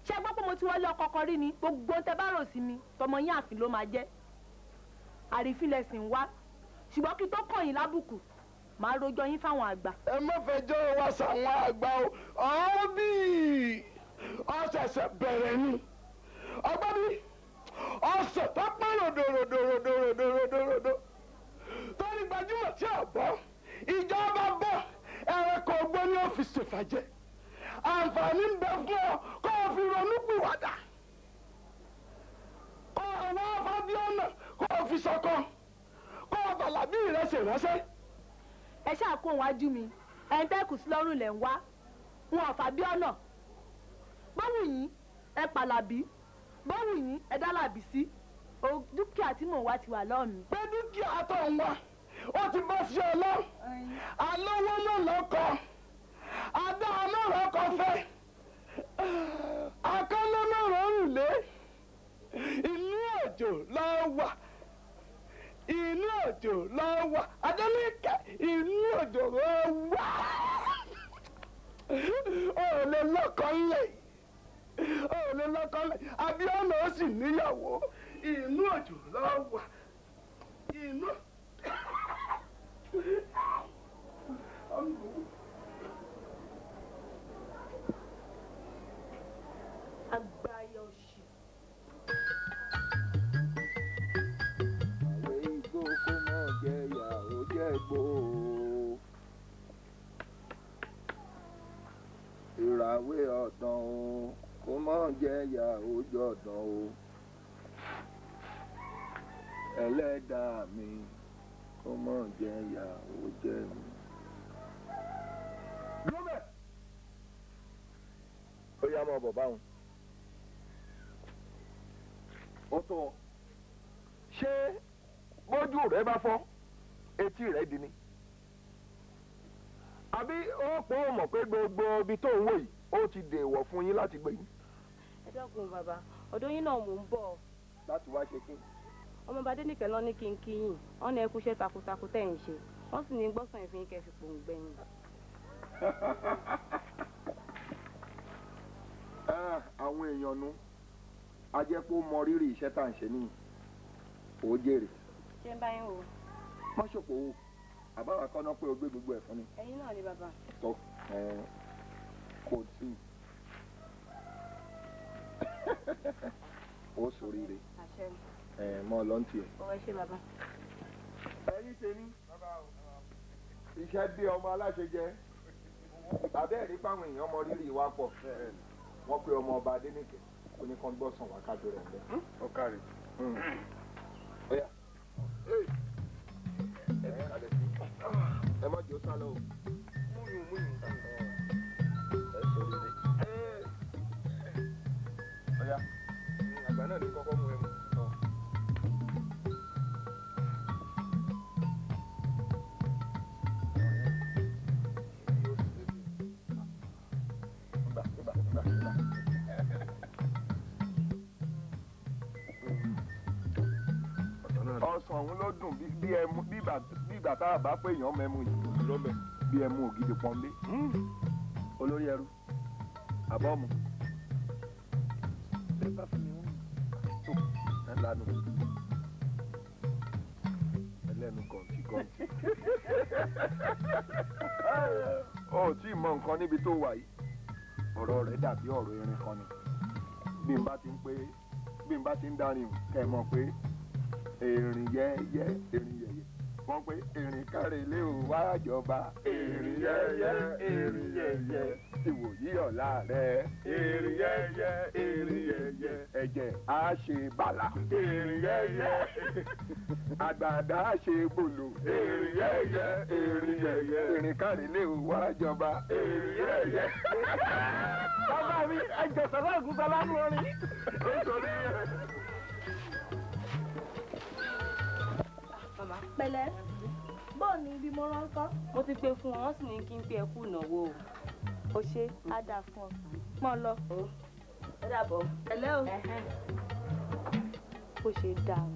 ṣé gbọ́ pé mo ti wọlé ọkọ kan rí ni gbogbo tẹ bá rò sí mi tọmọ yín àfin ló máa jẹ́ àrífín lẹ̀sìn wá ṣùgbọ́n kí tó kàn yín lábùkù màá rojọ́ yín fáwọn àgbà. ẹ má fẹjọ́ wa sàwọn àgbà o ọ̀ọ́ ọ bẹ̀rẹ̀ ni ọgbọ́n mi ọ̀sẹ̀ tó pẹ́ ròdòròdòròdòròdòròdò tó ní gbajúmọ̀ tí ò bọ́ ìjọba ní fún ọ kó o fi ronú pìwàdà kó mi sí lọ́rùn lẹ̀ ń bówù yín ẹ pàlàbí bówù yín ẹ dálàbí sí dúkìá tí mò ń wá ti wà lọ́ọ̀mí. pé dúkìá tó ń wá ó ti bọ́ sí ọlọ́ alówó ló lọ́kọ adá ọlọ́rọ̀ kọ fẹ́ akọ́lọ́lọ́rọ̀ òrùlé inú òjò ló wà inú òjò ló wà adélèké inú òjò ló wà ó lè lọ́kọ ńlẹ̀ òòlù lọ́kọ́lẹ̀ abíọ́nà ó sì níyàwó inú òjò lọ́ọ́ wà inú. Agbáyé òṣì. Ìràwé ọ̀dàn o kó má jẹ́ ìyà ojú ọ̀dàn o ẹlẹ́dàá mi kó má jẹ́ ìyà ojú ẹ̀mí. lóbẹ̀ ó yá máa bọ̀ báwọn. ó tó ṣé bójú rẹ bá fọ́ etí rẹ di ni àbí ó pọ̀ mọ̀ pé gbogbo ibi tó ń wò yìí ó ti dèèwọ̀ fún yín láti gbé yín ẹ̀dọ́gùn bàbá ọ̀dọ̀ yín náà mò ń bọ̀. láti wá ṣe kí. ọmọọba adẹ́nìkẹ́ lọ ní kí n kí yìn wọ́n ní ẹkú iṣẹ́ takuntakun tẹ̀ ń ṣe wọ́n sì ní gbọ́sàn ìfín kẹfì pòǹgbẹ̀yìn. [laughs] Ah, àwọn èèyàn nu a jẹ́ pé ó mọ rírì iṣẹ́ tá à ń ṣe nìyí ó jèrè. ṣé ń bá yín wò. má ṣòpò wò àbáwá kọ́ná pé o gbé gbogbo ẹ̀ fún ni. ẹ̀yin náà ni bàbá. tó kò sí i ó ṣoríire ẹ mọ lọ́ntì ẹ. ọwọ́ ṣe bàbá. ẹyin tèmi iṣẹ́ bí ọmọ aláṣẹ jẹ́ abẹ́ẹ̀rí fáwọn èèyàn ọmọ rírì wa pọ̀ wọ́n pe ọmọ ọba adénìkẹ́ kó ní kán gbọ́sàn wákàtí rẹ̀ ńlẹ̀. ó kárí. ẹ má jẹ́ ó sálọ o. múyùn múyùn sálọ. náà ní kọ́kọ́ mú ẹmu. ọsàn ọ̀hún ló dùn bí ẹmu bí ìgbà tá a bá pé èèyàn mẹ́mu yìí bí ẹmu ògidì pọ́nlé hmm. olórí ẹrú àbọ̀mù. lánàá ẹlẹ́nu gọ̀ǹtì gọ̀ǹtì ó tí ì mọ nǹkan níbi tó wà yìí ọ̀rọ̀ rẹ̀ dàbí ọ̀rọ̀ irin kan ni bí n bá ti ń pé bí n bá ti ń dárin kẹ́ ẹ mọ̀ pé èrìn yẹ́ yẹ́ èrìn yẹ́ wọ́n pe erin kárẹ̀lé ò wá jọba. erin yẹyẹ erin yẹyẹ. ìwòyí ọ̀la rẹ̀. erin yẹyẹ erin yẹyẹ. ẹ̀jẹ̀ á ṣe bàlà. erin yẹyẹ. àgbàdá á ṣe bòlò. erin yẹyẹ erin yẹyẹ. erin kárẹ̀lé ò wá jọba. erin yẹyẹ. bàbá mi ẹjọ sọlá ògùn sọlá ń rọrin. nítorí. pẹ̀lẹ́ bóò ní ibi mo ránkọ́. mo ti pe fún wọn sì ní kí n fi ẹkú ìnáwó o o ṣe á dà fún ọ mọ lọ. ó dàbọ̀. pẹ̀lẹ́ o. bó ṣe dáa o.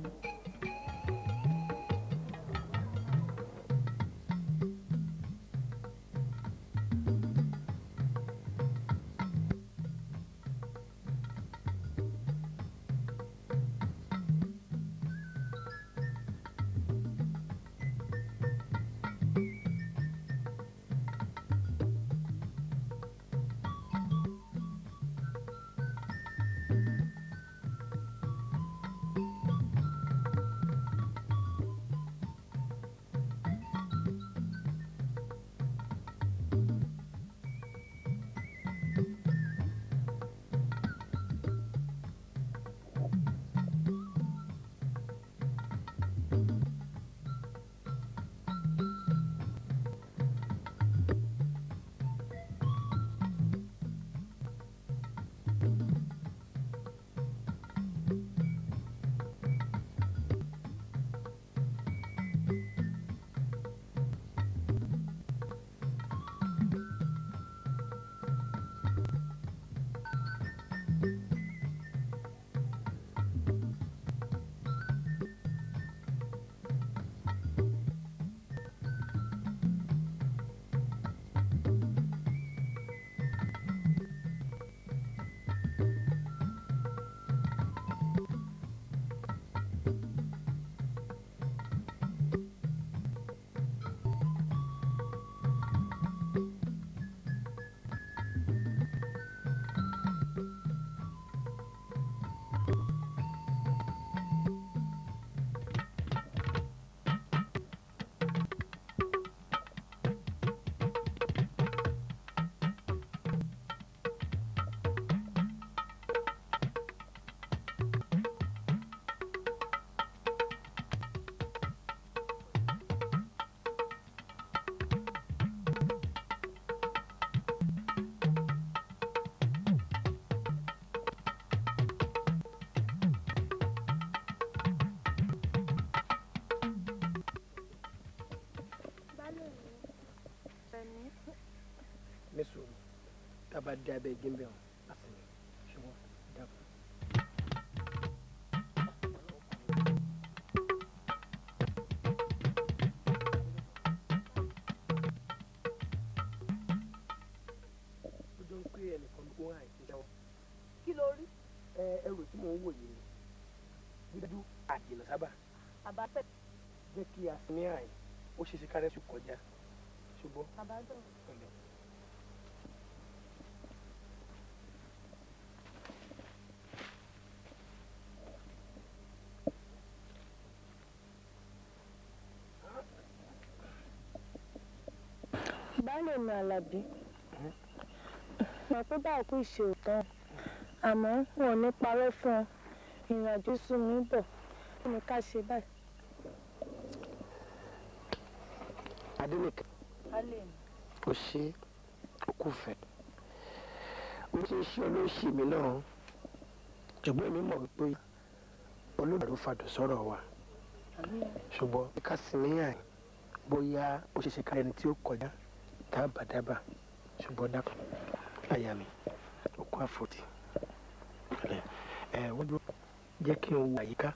tába dé abẹ́ gẹ́gẹ́ wọn àfihàn ṣùgbọ́n dàpọ̀. ó jọ ń pé ẹnìkan ló ń ràn ìjáwọ́. kí ló rí. ẹ ẹrù tí mò ń wò yìí ni dúdú àjìnà sábà. àbá fẹ́. jẹ́ kí a sinmi àyè ó ṣe ṣe kárẹ́sù kọjá ṣùgbọ́n. àbájọ. mi alábí mọ̀ pé báwo kú ìṣe òtán àmọ́ wọn ò ní parẹ́ fún ọ ìrìn àjò sùn mí bọ̀ kí ni ká ṣe báyìí. adélèkẹ́ o ṣe o kò fẹ́ mo ti ṣe olóṣì mi náà ṣùgbọ́n èmi mọ̀ wípé olóògbé fàdù sọ̀rọ̀ wa ṣùgbọ́n ká sì níyàn bóyá O ṣe ṣe ká ẹni tí ó kọjá dábàdábà ṣùgbọ́n dákọ̀ àyà mi òkú àfọ̀tì ẹ wọ́n dúró jẹ́ kí n wo àyíká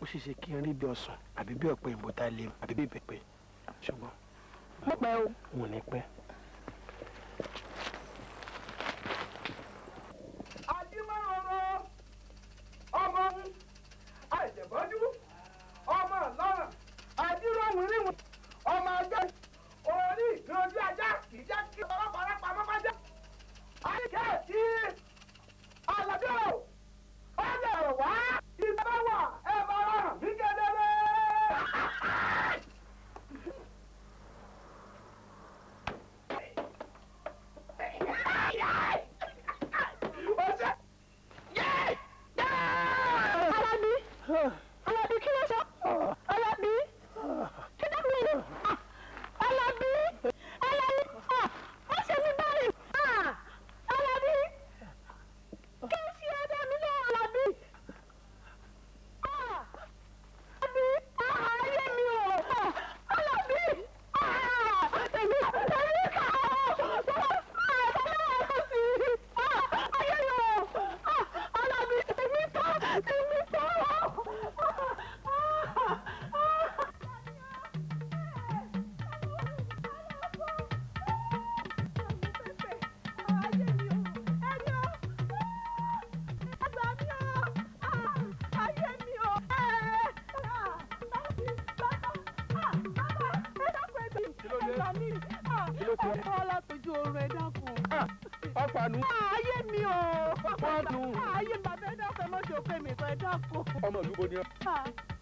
ó ṣeé ṣe kí n rí bí ọsàn àbí bí ọ̀pẹ ìbòtá lè àbí bí ìbẹ̀pẹ̀ ṣùgbọ́n. mo pẹ́ o. mo ní pẹ́. off.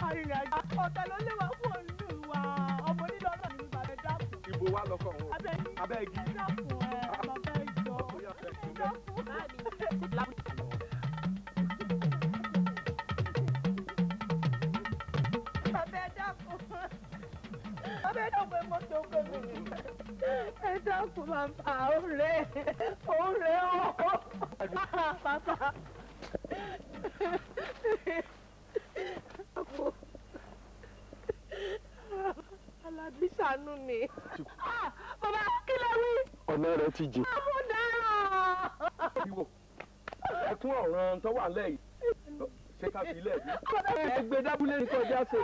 wà lẹ́yìn ṣé ká fi ilẹ̀ bí. ẹ gbé dábúlé ní kọjá sí.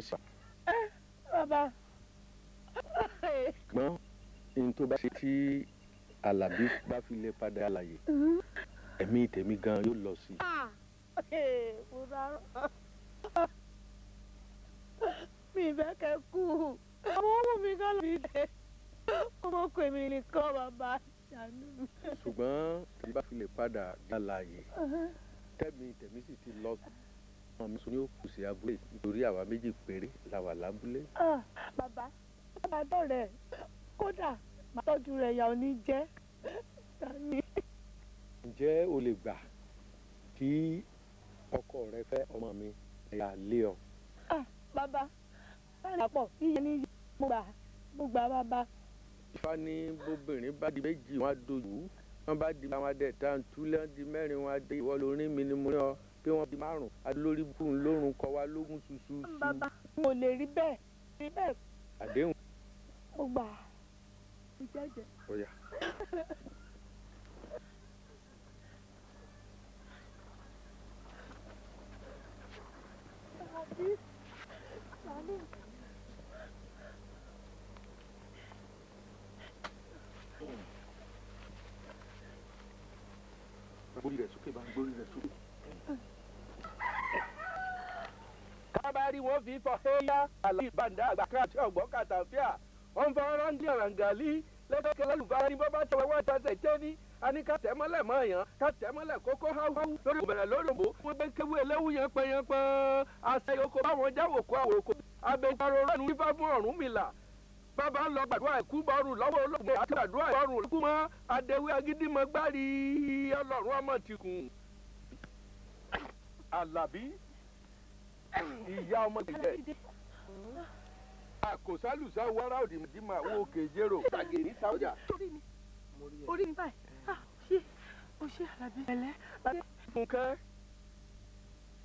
ṣe é sí. bàbá. gbọ́n ní tó bá ṣe tí alábí bá fi lè padà àlàyé mm-hmm. ẹ̀mí tèmi gan yóò lọ sí i. Ah, eh, mi ìfẹ́ kẹ́ kú àwọn ọmọ mi kan lọ sílẹ̀ ọmọkùnrin mi nìkan bàbá ṣàánú ṣùgbọ́n tí bá fi lè padà dá láàyè uh-huh. tẹ́mi tèmi sì ti lọ sí ọmọ mi ní òkú sí abúlé nítorí àwa méjì péré la wà lábúlé. bàbá bàbá dọ̀rẹ́ kódà màá tọ́jú rẹ̀ yà ọ́ ní jẹ́ sani. ǹjẹ́ o lè gbà kí ọkọ rẹ fẹ́ ọmọ mi ẹ̀yà lé ọ. bàbá báyìí àpọ̀ iye ní iye mo gbà mo gbà bàbá. Ifá ní bóbìnrin bá di méjì wọn á dojú wọn bá di àwọn adẹ̀ta ntúlẹ̀ di mẹ́rin wọn á dé ìwọ lórí mi ni mo ní ọ pé wọ́n di márùn alórí bùn lórun kọ wá lógún ṣuṣu. bàbá mo lè rí bẹ́ẹ̀ rí bẹ́ẹ̀. àdéhùn. mo gbà á mo Thank you. fi fọhéyà àlàyé ìbàdàn àgbàkà àti ọ̀gbọ́n kàtàfíà wọ́n fọ rántí ọ̀ràǹgàlì lẹ́kẹ̀kẹ́ lálùbárà ní bọ́bá tẹ wáwá tẹsẹ̀ tẹ́ ní a ní ká kókó háwáwú lórí òbẹ̀rẹ̀ lórobó wọ́n gbé kéwú eléwú yẹn pẹ́yẹpẹ́n àṣeyọkọ báwọn jáwòkó àwòkó abẹ́jọ́rò rẹ́nu fífá fún Ọ̀rúnmìlà bàbá ń lọ gbàdúrà ikú bọ́ọ̀rù lọ́wọ́ olóògbé àti gbàdúrà ìbọ̀rù ikú mọ́ adéwé agídímọ̀gbárí ọlọ́run ọmọ tìkùn. Àlàbí ìyá ọmọ tẹ̀jẹ̀ àkòsálùsá wàrà òdìmọ̀dìmọ̀ àwọn òkè jérò gbàgé ní sáwọ́jà. orí mi báyìí ah, ṣé o ṣe àlàbí ẹ̀lẹ́. nǹkan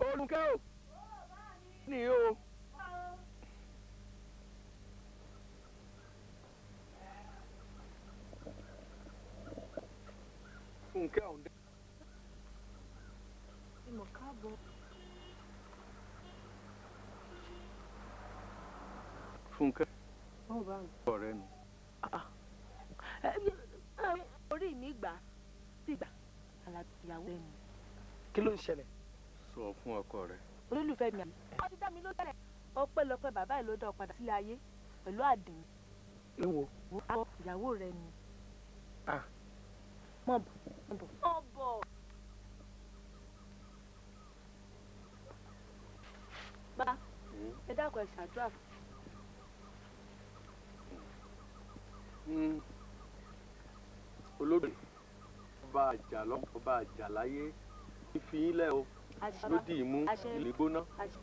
olùkẹ́ ò ní o. nǹkan ọ̀hún dẹ́. ìmọ̀ káàbọ̀. Fúnkẹ́ wọn bá ń sọ rẹ nù. orí mi gbà sí gbà alábìyàwó ẹnu. kí ló ń ṣẹlẹ̀. sọ fún ọkọ rẹ. olólùfẹ́ mi àná. wọ́n ti dá mi lójú rẹ̀ ọpẹ́lọpẹ́ bàbá ẹ̀ ló dán padà sílé ayé pẹ̀lú àdìmí. ewo. àwọn ìyàwó rẹ ni. Ah. mọ bọ mọ bọ. mọ bọ. bá ẹ dákun ẹ ṣàdúrà fún. olódò ọba àjàlọ ọba àjàláyé fífi yín o lódì ìmú ilé gbóná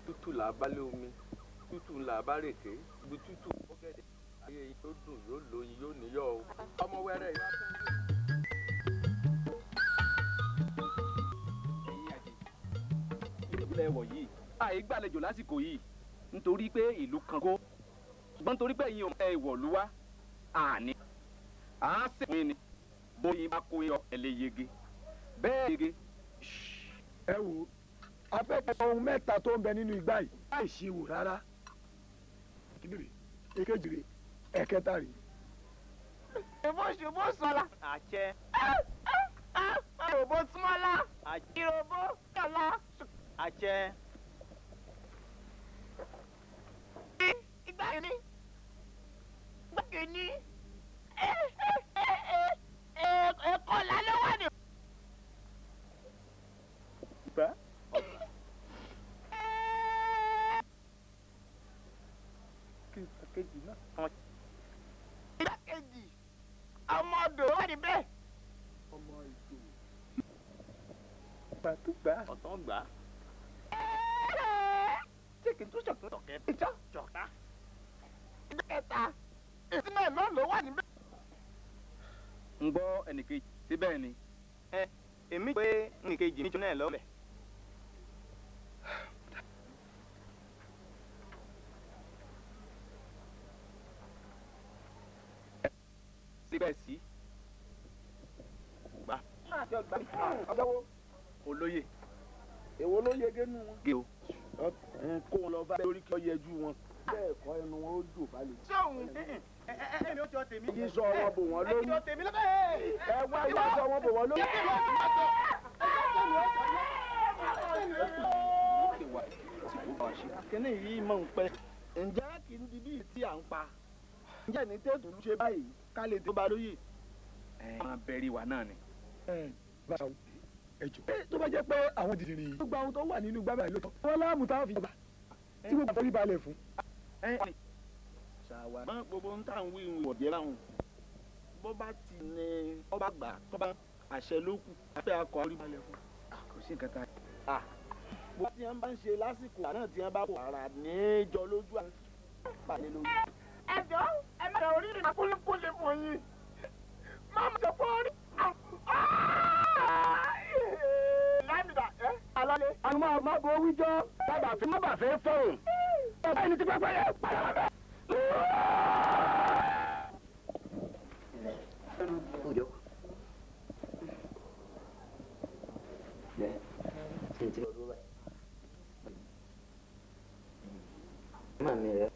tútù là bá lé omi tútù là bá rèké ibi tútù ọ̀gẹ̀dẹ̀ ayé yóò dùn yóò lóyin yóò níyọ̀ o ọmọ wẹrẹ yìí. ìpínlẹ̀ ẹ̀wọ̀ yìí àì gbàlejò lásìkò yìí nítorí pé ìlú kan kó ṣùgbọ́n nítorí pé ẹ̀yin ọmọ ẹ̀wọ̀ ló wá àní á sì mí ni bóyin bá kó yọ ẹ lè yege bẹ́ẹ̀ yege. ẹ wo afẹ́kẹ́ ohun mẹ́ta tó ń bẹ nínú igbá yìí láì ṣe wò rárá èkejì rè ẹ̀kẹta rè. èbó ṣubú sọlá. àṣẹ. òbó súnmọ́lá. àṣẹ. ìròbó sọlá. àṣẹ. igbá yìí ni. igbá yìí ni ẹ̀kọ́lá ló wà ní. igbákejì náà. igbákejì ọmọ odò wà níbẹ̀. ọmọ ìdò. gbàtúgbà. ọ̀tọ̀ gbà. ṣé kí n tún ṣọ̀kẹ́ tọ̀kẹ́ tẹ́jọ́ jọ̀ká. ìjọ kẹta ìsinmi ẹ̀ náà ló wà níbẹ̀ ń gbọ́ ẹnìkejì síbẹ̀ ni. ẹ èmi pé ẹnìkejì mi jọ náà lọ́wọ́ síbẹ̀ sí. gbà. olóye. èwo ló yege nu wọn. gé o. kó wọn lọ bá lórí kí ọ yẹjú wọn. bẹ́ẹ̀ kọ́ ẹnu wọn ó dùn balẹ̀. ṣé òun ẹni o jọ tèmi. yín sọ wọn bò wọn lórí. ẹni jọ tèmi lọ́bẹ̀. ẹ wá yín sọ wọn bò wọn lórí. kíní yìí mọ̀ ń pẹ́. ǹjẹ́ kì í di bíi tí à ń pa. ǹjẹ́ ní tètè ń ṣe báyìí ká lè tó ba lóye. ẹ máa bẹ̀rẹ̀ ìwà náà ni. tó bá jẹ́ pé àwọn dìrì yìí. gbogbo àwọn tó wà nínú gbàgbà ló tọ́. wọ́n láàmú táwọn fi jọba tí gbogbo àtọ́rí balẹ̀ fún àṣà wa. má gbogbo ń tà ń wí ìwé ọ̀jẹ́ láwọn bó bá ti ní ọba gbà tọ́ba àṣẹ ló kù afẹ́ akọ àríbalẹ̀ fún. kò sí nǹkan tá a. bó ti ń bá ń ṣe lásìkò àná tí wọ́n bá kó ara níjọ lójú àwọn lójú. ẹ jọ ẹ bẹ̀rẹ̀ oríire náà kó fún yín má mo fún orí. lámìdá ẹ alálẹ̀. àwọn ọmọ ọmọ bo wíjọ bàbá fẹ́ fọ́ọ̀n. ẹni tí pẹ́pẹ́ yẹ pàdánù bẹ́ẹ̀. Mamma mia.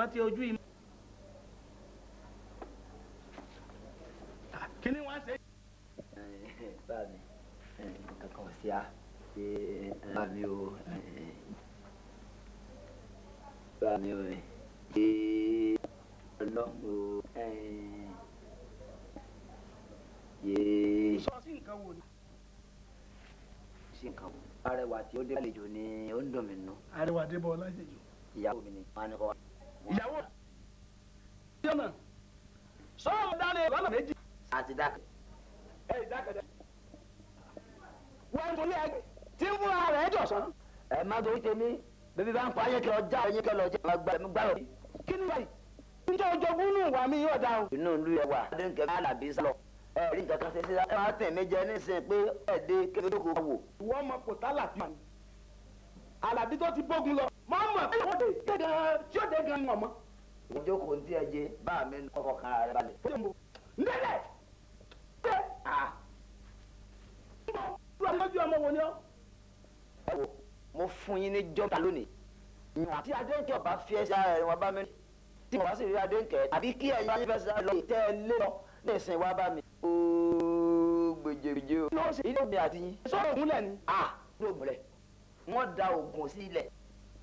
rántí ojú ìmọ̀. kí ni ṣe. Eh, báà eh, kankan sí a ṣe eh, báà o báà o ṣe ọ̀nà o arẹwà tí ó dé àlejò ni ó ń dùn mí nù. arẹwà dé bọ́ ọ lájèjò. ìyàwó mi ni wọn á ní kọ́ wa ìyàwó rẹ̀ ọ̀nà sọ́ọ̀mù dání lọ́nà méjì. àti dákẹ́. ẹ ìdákẹ́dẹ́. wọ́n torí ẹgbẹ́ tí ń múra rẹ̀ jọ̀sán. ẹ má torí tèmi bébí bá ń pa ayékè ọjà ayékè lọ jẹ àwọn gbàlọ. kí ni báyìí njẹ́ ojogún nù wà mí yóò dá o. inú ìlú yẹn wà adé nǹkan bá làbí sálọ ẹ rí nǹkan kan ṣe sí ẹ máa tẹ̀ mí jẹ nísìnyí pé ẹ dé kébé tó kò wò. ìwọ ọmọ kò tá làbí mà ní. àlàbí tó ti bógun lọ mọ́mọ́ ẹ̀yọ́ de kéde tí ó de gan ọmọ. ìjọ kò ń tiẹ̀ jẹ bá mi kọ́kọ́ kan ara balẹ̀. ndẹ́lẹ̀ ṣe à. wọ́n lọ́jú ọmọ wo ni ọ́. ẹ wo mo fún yín ní jọ́ta lónìí. ìwọ̀n tí adéǹkẹ́ ọba fi ẹsẹ̀ ara rẹ̀ wọn bá mi. tí mo bá sì rí adéǹkẹ́ àbí kí ẹ̀yin ayé fẹsẹ̀ lọ ìtẹ́ ẹ lé lọ ní ìsìn wa bá mi. ooo gbèjègbèjè o. ilé mi àti yín. sọ́dọ̀ ògùn lẹ̀ ni. ah ló ògùn lẹ̀ wọ́n da ògùn sí ilẹ̀.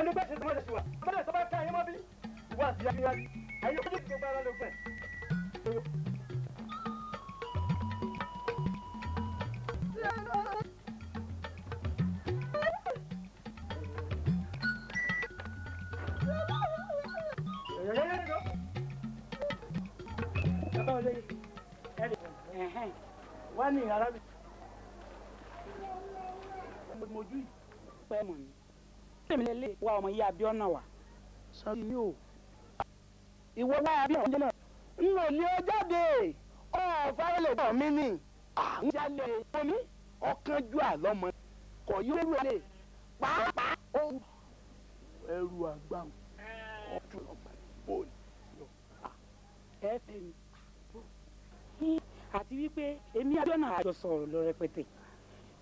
ẹnu bẹ́ẹ̀ ṣe ti mọ́lẹ̀ sí wa mọ́lẹ̀ tó bá ká ẹyẹ mọ́ bí ìwà àti ìyá níwájú ayé ojú ti gba ara lóògùn ẹ̀. wọ́n ní arábìnrin. mojú pẹ́ mọ̀ ni tèmi lè wa ọmọ yìí abiona wa sọ yìí o ìwọ wá abiona ọjọ́ náà n ò lè jáde ọ fáwọlẹ̀ bọ̀ mí nì àwọn ìjàlẹ̀ omi ọkàn ju àlọ́mọ kọ̀ yóò rú ọ̀lẹ̀ pàápàá ó ẹrù àgbàmù ọ̀tún ọgbà bọ́ọ̀lù ẹ fẹ́ mi àti wípé èmi abiona àjọsọ̀rọ̀ lọ rẹpẹtẹ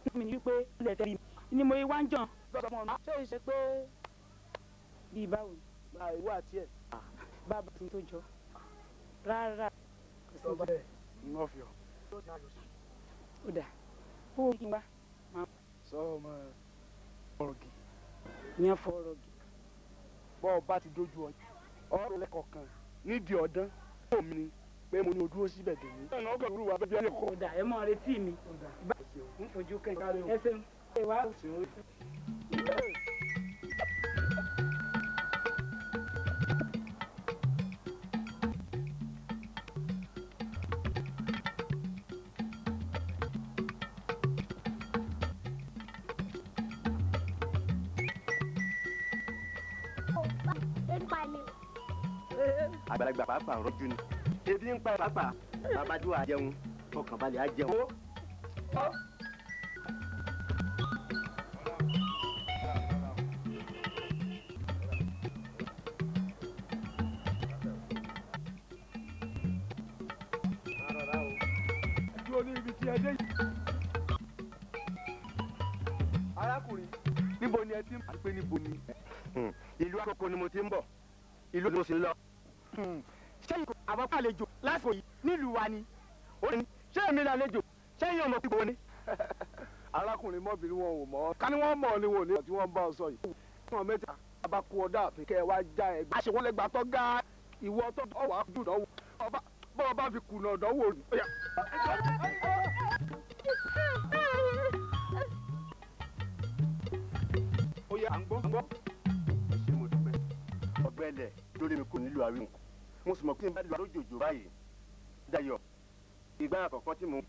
ní mi ni wípé ó lè fẹ́ mi ni mo yí wá ń jàn bẹ́ẹ̀ ọmọ mi ṣé o ṣe pé bíi báwo ìwọ àti ẹ̀. bàbá ah. mi tó jọ rárá. kò sí bẹ́ẹ̀ ń wọ́n fi ọ. ó dà ó wọ́n kí n bá. sọ ọmọ ọ̀rọ̀ gì. ìyẹn fọ ọ̀rọ̀ gì. bọ́ ọ bá ti dojú ọjà ọ̀rọ̀ lẹ́kọ̀ọ́ kan nídìí ọ̀dán ó mi ni pé mo ní o dúró síbẹ̀ dè mí. ọ̀nà ọgbà òwúrò bẹ́ẹ̀ bí ọ̀dà ẹ̀ mọ́ retí mi. bá a fojú kẹ́kẹ́ ẹ ṣeun. àgbàlagbà pàápàá rọ́jú ni ebi ń pa pàápàá babájú àjẹun ọkàn balẹ̀ àjẹun. pọ̀ ni wò ní tí wọ́n bá ọ sọ yìí. wọ́n mẹ́ta bá kú ọdá àfin kẹ́ ẹ wá já ẹgbẹ́. àṣewọ́lẹ́gbà tó ga ìwọ tó ọwọ́ àdùn náà ọba bọ́ọ̀ bá fi kùnà ọ̀dọ́wò rí. ó yẹ ń gbọ́. ẹ ṣe mo dúpẹ́. ọ̀gbẹ́lẹ̀ lórí mi kò nílò àríwọ̀n mo sì mọ̀ pé n bá báyìí. dayọ̀ ìgbà àkọ́kọ́ tí mo ní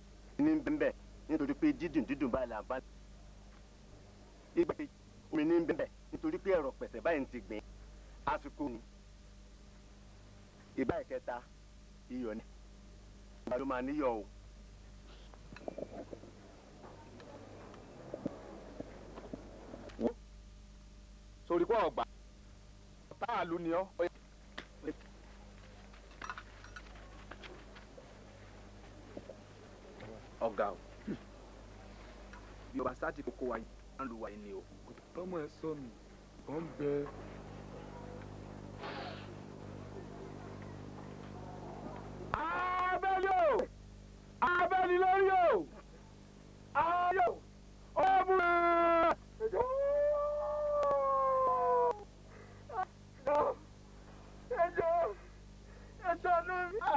ìgbà kejì omi ní bẹ́ẹ̀ nítorí pé ẹ̀rọ pẹ̀sẹ̀ báyìí ti gbìn àsìkò ni ìgbà ìkẹta iyọ̀ ni ìgbà ló máa níyọ̀ o. sori kó ọgbà ọ̀tá àlù ni ọ́. ọ̀gá o yorùbá sá ti kókó wa yìí lùwà yìí ni o. tọ́mọ ẹ sọ mi ò ń bẹ. abẹ́lí o abẹ́lí lórí o ayé o ó mú ẹ. ẹjọ́ ẹjọ́ ló ń bá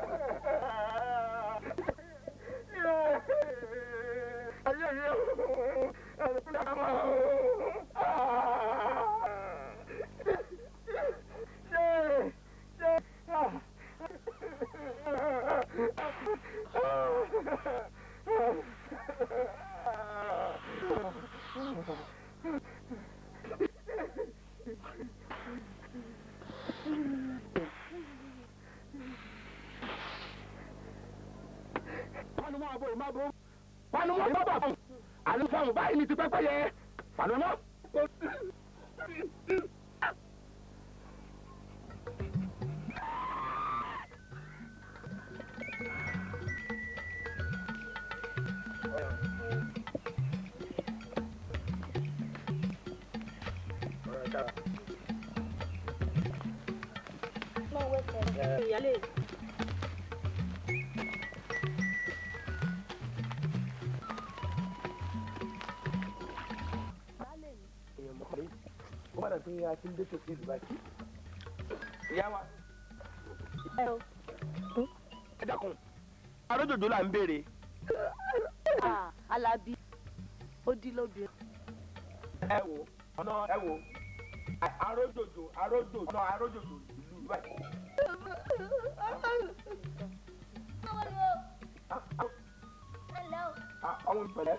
[laughs] Oh, Bayi mi tupak baye, panweno! akíndé tòkè ìlú báyìí. ìyá wa. ẹ dákun arójòjò là ń béèrè. alábí ó lóbìnrin. ẹ wo ọ̀nà ẹ wo arójòjò arójòjò ọ̀nà arójòjò ìlú báyìí. ọmọ ìpẹlẹ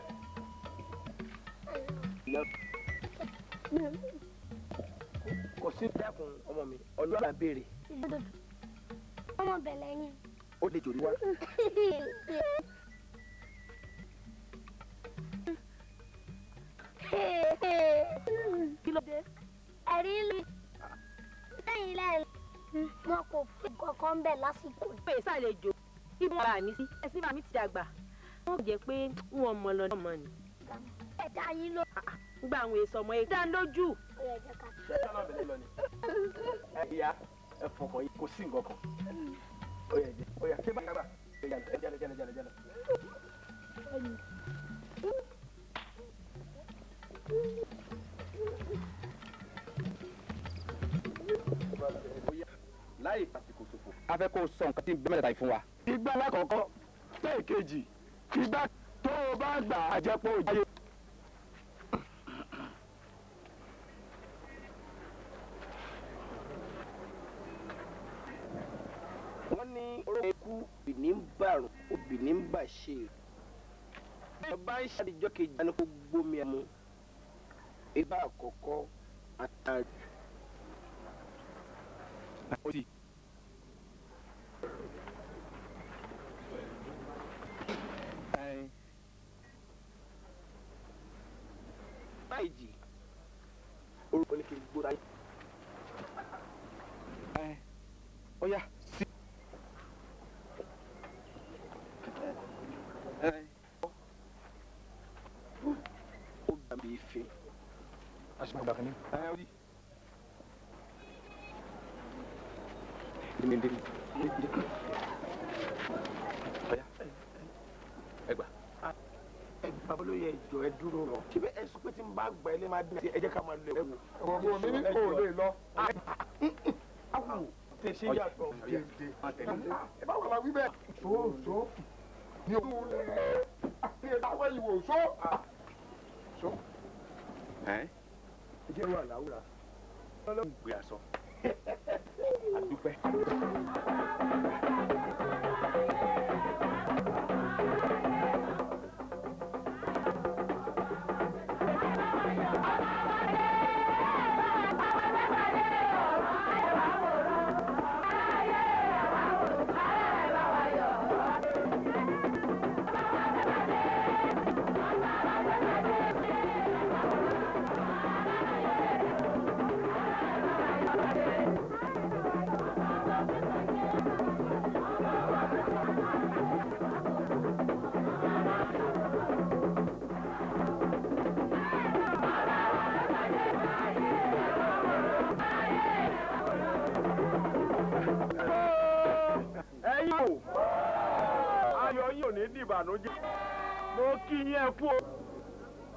dákun ọmọ mi ọdún àbá béèrè. ọmọ bẹ̀lẹ̀ yẹn. ó lè jòrí wá. kí ló dé. ẹ̀rí mi lẹ́yìn lẹ́yìn wọn kò fún kankan bẹ̀ lásìkò. pé sàlejò bí wọn bá mi sí ẹsìn bá mi ti dàgbà wọn kò pé wọn mọ lọ náà mọ ni. ẹ̀dá yín ló. gba àwọn èso ọmọ yìí dá ó yẹ jẹ́ ká yá ẹ fọkàn yìí kò sí nǹkan kan ó yẹ jẹ ó yẹ ṣé bá yàgbà ẹ jalè jalè jalè jalè. láì àsìkò ṣòfò. a fẹ́ kó sọ nǹkan tí ń bẹ mẹ́tẹ̀ẹ̀ta yìí fún wa. ìgbà alákọ̀ọ́kọ́ pé ìgbà tó o bá gbà á jẹ́ pé o jáde. ṣe rè bá ń ṣàdìjọ́ kejì àná kó gbómi àmú ìbá àkọ́kọ́ àtàrí. báyìí orúkọ ní kí n gbóra yín. babolóye ìjọ ẹ dúró rọ kí bẹ ẹsùn pé tí n bá gbà ilé máa dín ẹ jẹ ká máa lọ ẹwù. ọmọ mi ní kò lè lọ. awo tẹ ṣe yàtọ̀ dédé ẹ bá wàlá wí bẹ́ẹ̀. sòòsò ni o tún lè ṣe táwọn ìwò só. só ẹ jẹ́ wàlá wúra. ọlọ́run gbé aṣọ. super. ìbànújẹ́ mo kí yín ẹ kú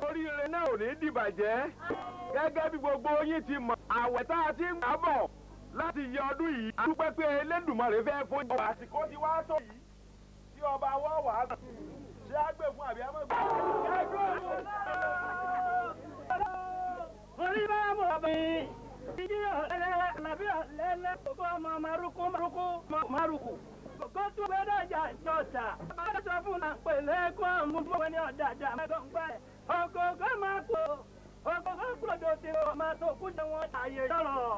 oríire náà ò ní dìbàjẹ́ gẹ́gẹ́ bí gbogbo yín ti mọ̀ àwẹ̀ tá a ti ń gbà bọ̀ láti yẹ ọdún yìí a dúpẹ́ pé Elédùmarè fẹ́ fún yín. àsìkò ti wá tó yìí tí ọba wọ́ wàá gbà ṣé fún kò tún gbẹ́dọ̀ jà jọ̀tà. bàbá sọ fún la pè lẹ́kọ́ àmúfọwọ́ ní ọ̀dàdà mẹ́gàngbà ẹ̀. ọ̀gọ̀gọ̀ máa kó ọ̀gọ̀gọ̀ gbọ́dọ̀ tí o máa tó kú jẹ́ wọn àyè sọ̀rọ̀.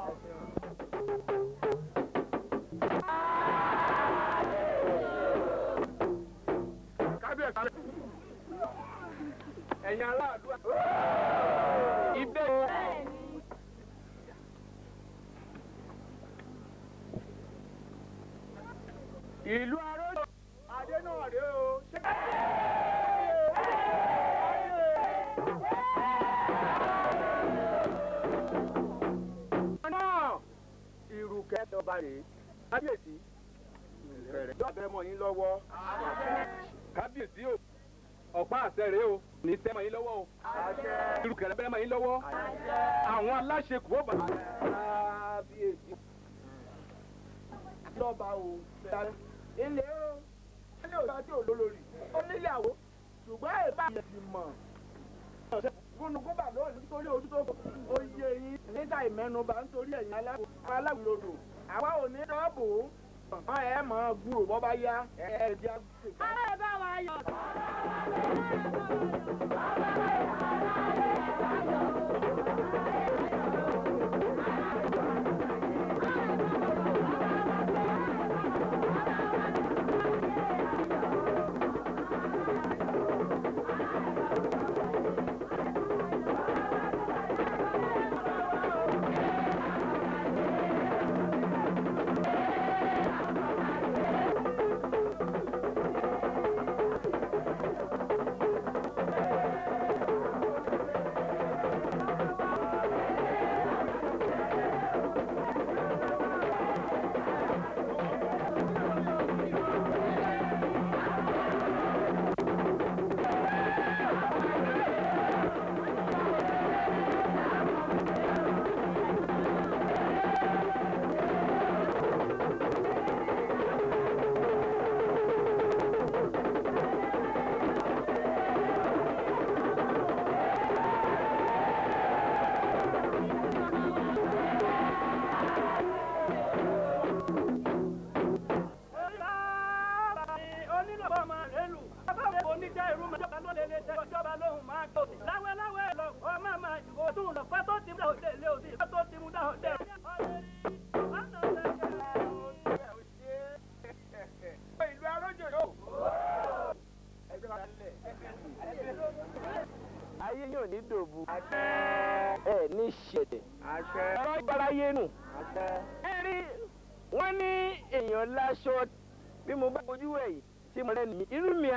ẹ̀yin aláàdúrà. ibẹ̀. ìlú arójú adénáà rèé o ṣé. ìrùkẹ́ tọba rèé kábíyèsí ìrẹ̀rẹ̀ yóò bẹ́ mọ́ yín lọ́wọ́ kábíyèsí o ọ̀pá àṣẹ rèé o ní tẹ́ mọ́ yín lọ́wọ́ o ìrùkẹ̀rẹ̀ bẹ́ mọ́ yín lọ́wọ́ àwọn aláṣẹ kò bá. kábíyèsí lọ́ba o ilé o wọ́n ní òjò tí ò lólórí ó níyàwó ṣùgbọ́n èèpà yẹn ti mọ̀ gúnugún bà lóòrùn nítorí ojú tó kọ oyè yín níta ìmẹ́nubà nítorí ẹ̀yìn aláwìlódò àwa ò ní rọ́ọ̀bù ọ̀hún ẹ̀ mọ̀ ọ́ gúrò bọ́ bá yá ẹ̀ jẹ́ àgùntàn. ọ̀rẹ́ bá wa yọ̀ ọ̀rẹ́ bá wa yọ̀ ọ̀rẹ́ bá wa yọ̀.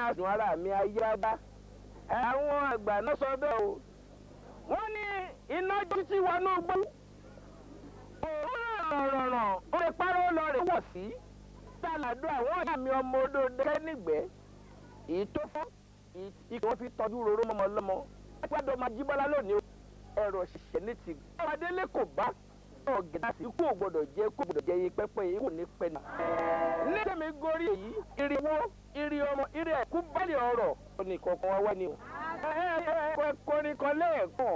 àdùn ara mi ayé abá àwọn àgbà náà sọ bẹ́ẹ̀ o wọ́n ní iná títí wọnú gbó òun rọrùn ó lè parọ́ lọ rè wọ̀ sí tàlàdó àwọn ọ̀yà mi ọmọ odòdó kẹ́nìgbẹ́ èyí tó fọ́ ikọ̀ fi tọ́jú roró mọ́mọ́ lọ́mọ́ wọ́n ti wá dọ́ máa jí bọ́lá lónìí ẹ̀rọ ṣiṣẹ́ ní ti gbọ́ adélé kò bá náà ikú ò gbọ́dọ̀ jẹ́ ikú ò jẹ́ yín pẹ́pẹ́ yín ní pẹ́nà nà. ní gorí èyí irinwó irin ọmọ irin ẹ̀kú bẹ́ẹ̀lì ọ̀rọ̀ òní wá wá ni o. kọrin kan lẹ́ẹ̀kan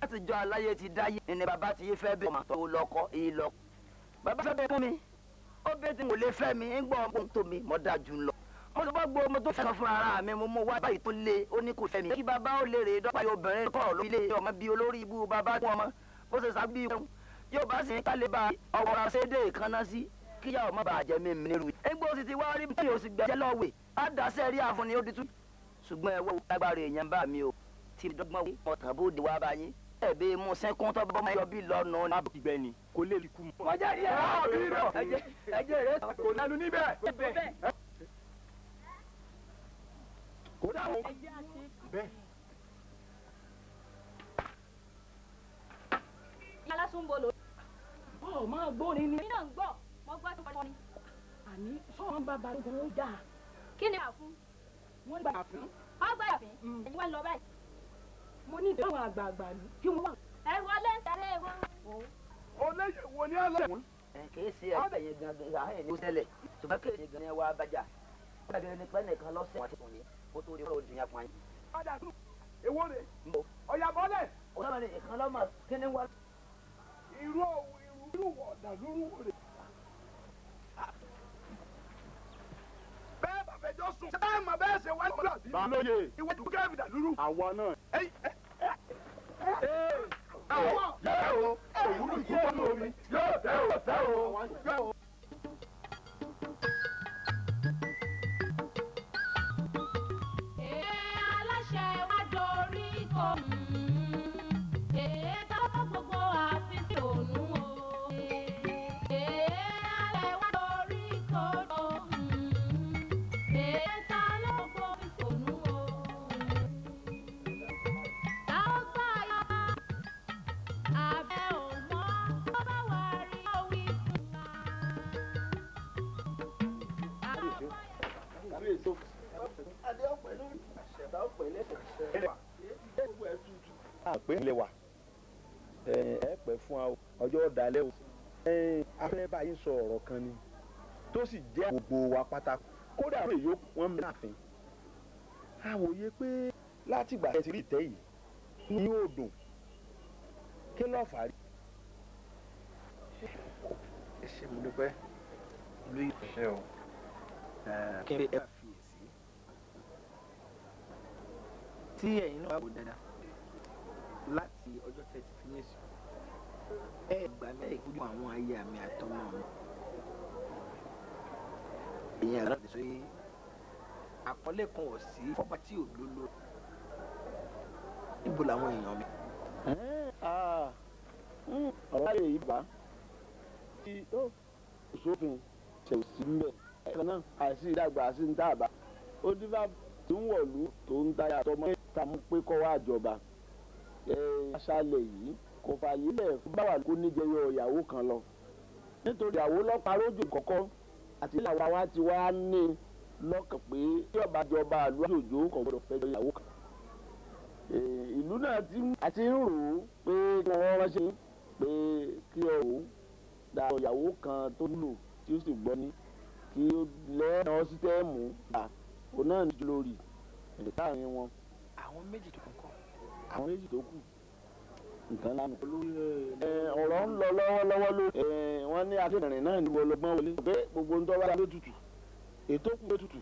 látijọ́ aláyé ti dáyé ẹni bàbá ti fẹ́ bẹ́ẹ̀ ọmọ tó lọ́kọ́ èyí lọ. bàbá fẹ́ bẹ́ẹ̀ fún mi ó bẹ́ẹ̀ tí mo lè fẹ́ mi ń gbọ́ ọmọ tó mi mọ́ dájú lọ. mo sọ gbogbo ọmọ tó fẹ́ràn fún ara mi mo mọ wá báyìí tó lé ó kò fẹ́ mi. kí bàbá ó lè rè é dọ́gba obìnrin kọ́ ló ilé ọmọ bíi olórí ibú bàbá fún ọmọ bó ṣe sábì yóò bá sì ń kálẹ̀ bá ọwọ́ ra kaná sí kíyà ọmọ bàjẹ́ mi mi nírú. egbò sì ti wá rí mi o sì gbẹ́jẹ́ lọ́wẹ̀ á dá sẹ́ẹ̀rí àfúnni ó di tú. ṣùgbọ́n ẹ wọ́n agbára èèyàn bá mi o tí dọ́gbọ́n wí ọ̀tàn bó di wá bá ẹ̀bẹ̀ mo sẹ́kún tó bọ́ máa yọ bí lọ́nà náà ti gbẹ ni kò lè rí kú mọ́. wọ́n jẹ́ ìyá rẹ̀ ẹ̀jẹ̀ ẹ̀jẹ̀ rẹ̀ kò nánu níbẹ̀. kò dà wọ́n bẹ́ẹ̀. alásùnbọ̀lọ̀. ọ̀ máa gbórin ni. mi náà ń gbọ́ mo gbọ́ tó kọ́ àní sọ́wọ́n bá balógun ó dáa. kí ni àfún. wọ́n gbà àfún. wọ́n gbà mm. ẹ̀yin wá lọ báyìí mo ní ìdáhùn àgbààgbà ni kí wọ́n wà. ẹ wọlé ń tẹ̀lé wọn. olóyè wo ni alẹ́ wọn. kìí ṣe ẹgbẹ́ yẹn gangan láàyè ní ó ṣẹlẹ̀ ṣùgbọ́n kìí ṣe gangan wá bàjá gbàgbé ní pẹ́ nìkan lọ́sẹ̀ wọn ti sùn ní kó tó di fọ́lọ́ òdìyàn pa yín. padà tún èwo rè ọ̀yà bọ́lẹ̀. ọ̀sán mi nìkan lọ́mọ kí ni wọ́n. irú òwú irú wọ̀ ọ̀dà lórúkọ rẹ̀. jọ sùn. ṣé táyà mọ̀ bẹ́ẹ̀ ṣe wá ní ọ̀la bí. balóye ìwé dùn kẹ́ẹ̀fì dàlúrú. àwa náà. ẹ̀wọ̀ yẹ́ o òwúrò ìkúkọ́ ní omi yóò tẹ́ o tẹ́ o. aláṣẹ wájú orí kò mú. pé ẹ lẹ́wà ẹ pẹ́ fún ọjọ́ o afẹ́ báyìí sọ ọ̀rọ̀ kan ni tó sì jẹ́ gbogbo wa pátá kódà àwọn èyí wọn mẹ́rin àfin àwòye pé látìgbà tẹ́ ti rí ìtẹ́ yìí ní yóò dùn kí ló fà á rí. ẹ ṣe mo dúpẹ́ lóyún ìṣe o kí ẹ fẹ́. tí ẹ̀yin náà wò dáadáa láti ọjọ́ tẹ̀sí sí yéṣu ẹ gbà bẹ́ẹ̀ gbójú àwọn ayé àmì àtọmọ mi ìyẹn àlọ́ àti sọ́yé àkọlé kan ò sí fọ́pá tí ò lólo níbo làwọn èèyàn mi. Ah, ah, hmm, ọ̀rọ̀ ayé yìí bá tí ó sófin ṣèwò sí mbẹ̀ ẹ̀ka náà àìsí ìdàgbà àti ní tàbá ó dín bá tó ń wọ̀lú tó ń tayà tọmọ sàmú pé kọ́ wá jọba aṣálẹ̀ yìí kò fààyè lẹ̀ fún báwa kó níjẹyọ ìyàwó kan lọ nítorí ìyàwó lọ́pàá rójò kọ́kọ́ àti ìlàwọ̀ àwa ti wá ní lọ́kàn pé tí ọba jọba àlú àjòjò kò gbọdọ̀ fẹ́ jọ ìyàwó kan ìlú náà àti ń rò ó pé kí wọ́n ránṣẹ́ pé kí ọ ò da ìyàwó kan tó lò tí ó sì gbọ́ ní kí lẹ́ẹ̀nà sítẹ́ẹ̀mù gbà òun náà ní lórí ẹ̀ láàrin wọn àwọn méjì tó kù kọ́. àwọn méjì tó kù nǹkan lánàá. Eh, eh, ọ̀rọ̀ ń lọ lọ́wọ́lọ́wọ́ lórí. Eh, wọ́n ní akéèrìn náà níbo lọ́gbọ́n wọlé. pé gbogbo ń dọ́wọ́ ló tutù ètò kù tutù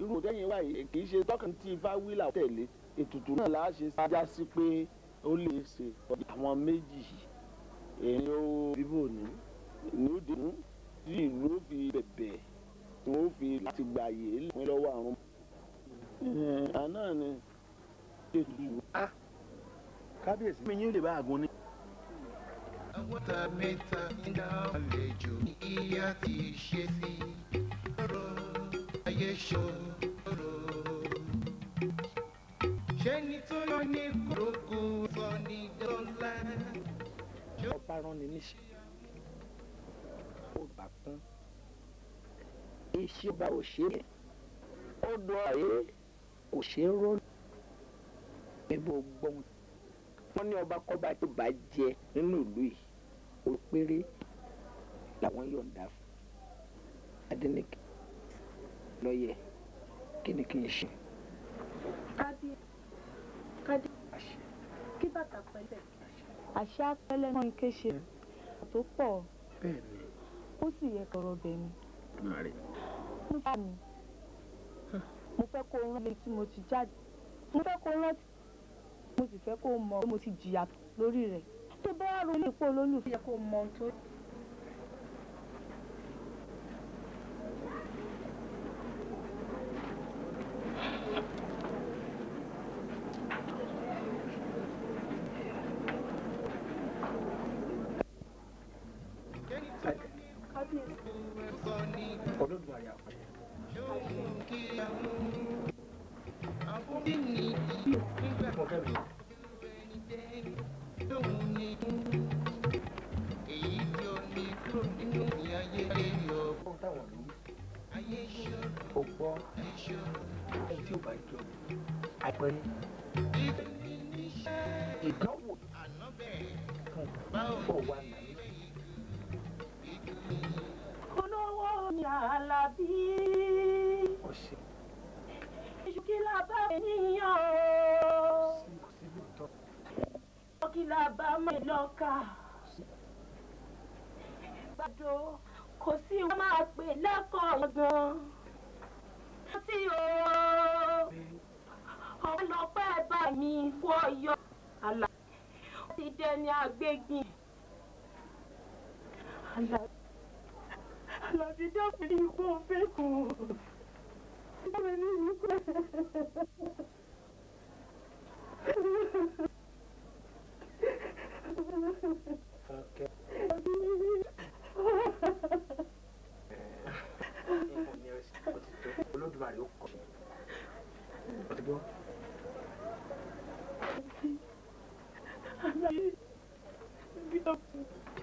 irú òtẹ́yìn wà yìí kì í ṣe tọ́kàn tí ifá wílà tẹ̀lé ètùtù náà láà ṣe sájà sí pé ó lè ṣe àwọn méjì yìí. èyí ó bíbò ní ní ó dé tí ìlú ó fi bẹ̀bẹ̀ tí wọ́n fi láti gbàyè lẹ́kùn lọ́wọ́ àrùn. àná ni ètùtù ah, á kábíyèsí mi yín lè bá àgùn ni. àwọn tàbí tàbí dá àlejò ní ìyá ti ṣe sí ọ̀rọ̀ ayé ṣòro. ṣé ní tó lọ ní kórókó sọ ní dọ́là. ọba rán ni níṣẹ́ ó bá kún iṣẹ́ ọba ò ṣe é ó dọ̀ ayé kò ṣe é rọ́ọ̀lù ẹbọ gbọ́n wọn ní ọba kọ́ba tó bá jẹ nínú ìlú yìí òpéré làwọn yọ̀ǹda fún adẹnìkì lọ́yẹ̀ kí ni kí n ṣe. kádì kádì kí bàtà pẹ̀lẹ́ àṣà pẹ̀lẹ́ náà ike ṣe tó pọ̀ ó sì yẹ kọ̀rọ̀ bẹ̀ ni. nípa mi mo fẹ́ kó rántí tí mo ti jáde mo fẹ́ kó rántí mo sì fẹ́ kó mọ̀ pé mo ti jìyà lórí rẹ̀ tó bá wà ronú ipò olólùfẹ́ yẹ kó mọ̀ tó fọwọ́ nàní. olówó mi àlàbí. èṣù kí la bá ènìyàn o. kí la bá mọ̀ lọ́kà. gbàdó kò sí wọn máa pè lẹ́kọ̀ọ́ gan-an. rántí o ọ̀pọ̀lọpọ̀ ẹ̀ bá mi fọ́ yọ àlà. ó ti dẹni agbègbè. La vie you peku. Mimi niko. Okay.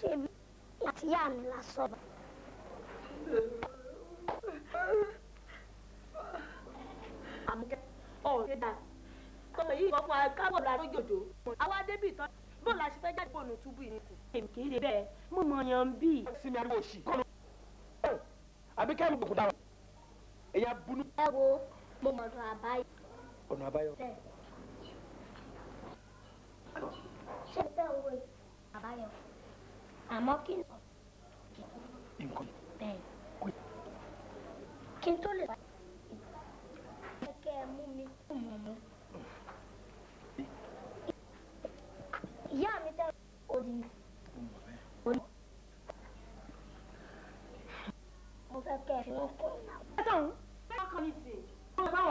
ṣe bí àtìyá mi la sọ bá. àmúkẹ́ ọ̀hún ṣe dà tọ́mọ yìí kọ́ fún akáwọ̀ la lójoojú àwa débì tán bóòlù la ṣe fẹ́ jáde bóòlù túbú yìí kù. èmi kì í ṣe bẹ́ẹ̀ mo mọ yan bí. sinmi ariwo sí kọ́nù. àbí kẹ́mi gbòkúta rẹ̀ èyí abúlú. ẹ wo mo mọ̀ ọ̀nà àbáyọ. ọ̀nà àbáyọ. ṣé bẹ́ẹ̀ wo àbáyọ àmọ́ kí n sọ. nǹkan. bẹ́ẹ̀ kí n tó lè sọ. kẹ́kẹ́ ẹ mú mi kú mọ̀ mọ́. ìyá mi tẹ́ odi. mo fẹ́ kẹ́ ẹ fi wọ́n kọ́ ìlànà. ẹ tán bẹ́ẹ̀ ọkàn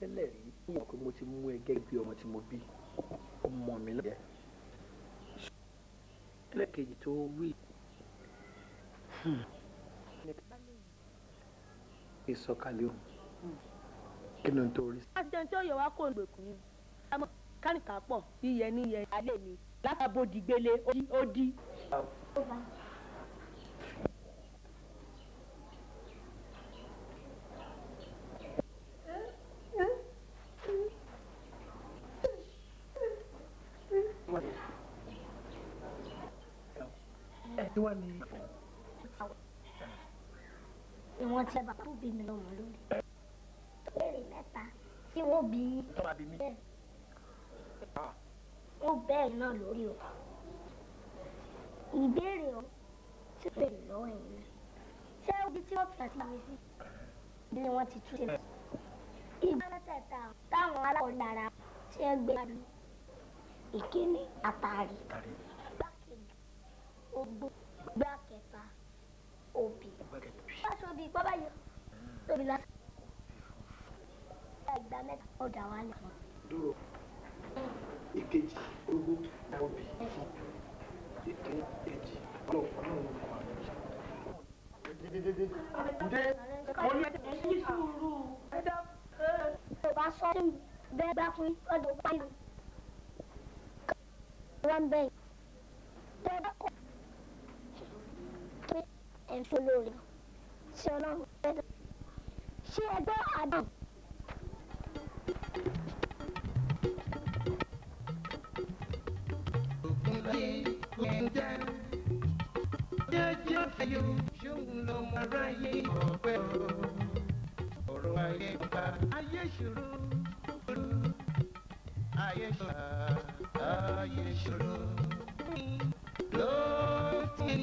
tẹ́lẹ̀ rí níyàn pé mo ti mú ẹ gẹ́gẹ́ bí ọmọ tí mo bí ọmọ mi lọ́jẹ́ ẹlẹ́kejì tó wí ìsọkalẹ̀ hmm. òun hmm. kí ni tó rí. àjẹun tí ó yẹ wá kó gbèkùn yìí àmọ́ kárìkà pọ̀ yíyẹ níyẹ alẹ́ mi látàbó dìgbélé ó dí. àwọn tí bàbá bí mi lọ́mọ lórí. béèrè mẹ́ta tí wọ́n bí bẹ́ẹ̀ wọ́n bẹ́ẹ̀ náà lórí o. ìbéèrè o tí wọ́n béèrè lọ́wọ́ ẹ̀yìn mi. ṣé ibi tí wọ́n fi àti mi sí ni wọ́n ti tún ṣe. ìgbà mẹ́tẹ̀ẹ̀ta táwọn aláwọ̀ dára tí ẹ gbé lu ìkíní àtàrí gbákejì ogbó gbákejì tóbi ipá báyìí tóbi lásán. ìgbà mẹ́ta ọ̀dà wa ni. dúró èkejì ogún òbí fún èkejì ọlọ́ọ̀kan náà ló kọ́ ǹdẹ mo ní. ẹni sùúrù. ẹ bá sọ fún bẹ́ẹ̀ bá fún ọdún báyìí. wọ́n bẹ́ẹ̀ tẹ́ bá kọ́ ẹ̀ ń fún lórí ṣe ọlọ́run pẹ́ẹ́dọ̀ ṣé ẹgbẹ́ àdán. ògúnlé gbẹ̀ngẹ́ jẹ́jẹ́ fẹ́yọ ṣóun ló mọ aráyé ọ̀pẹ́ o ọ̀rọ̀ ayé gba ayé ṣòro ayé ṣòro ayé ṣòro ló ti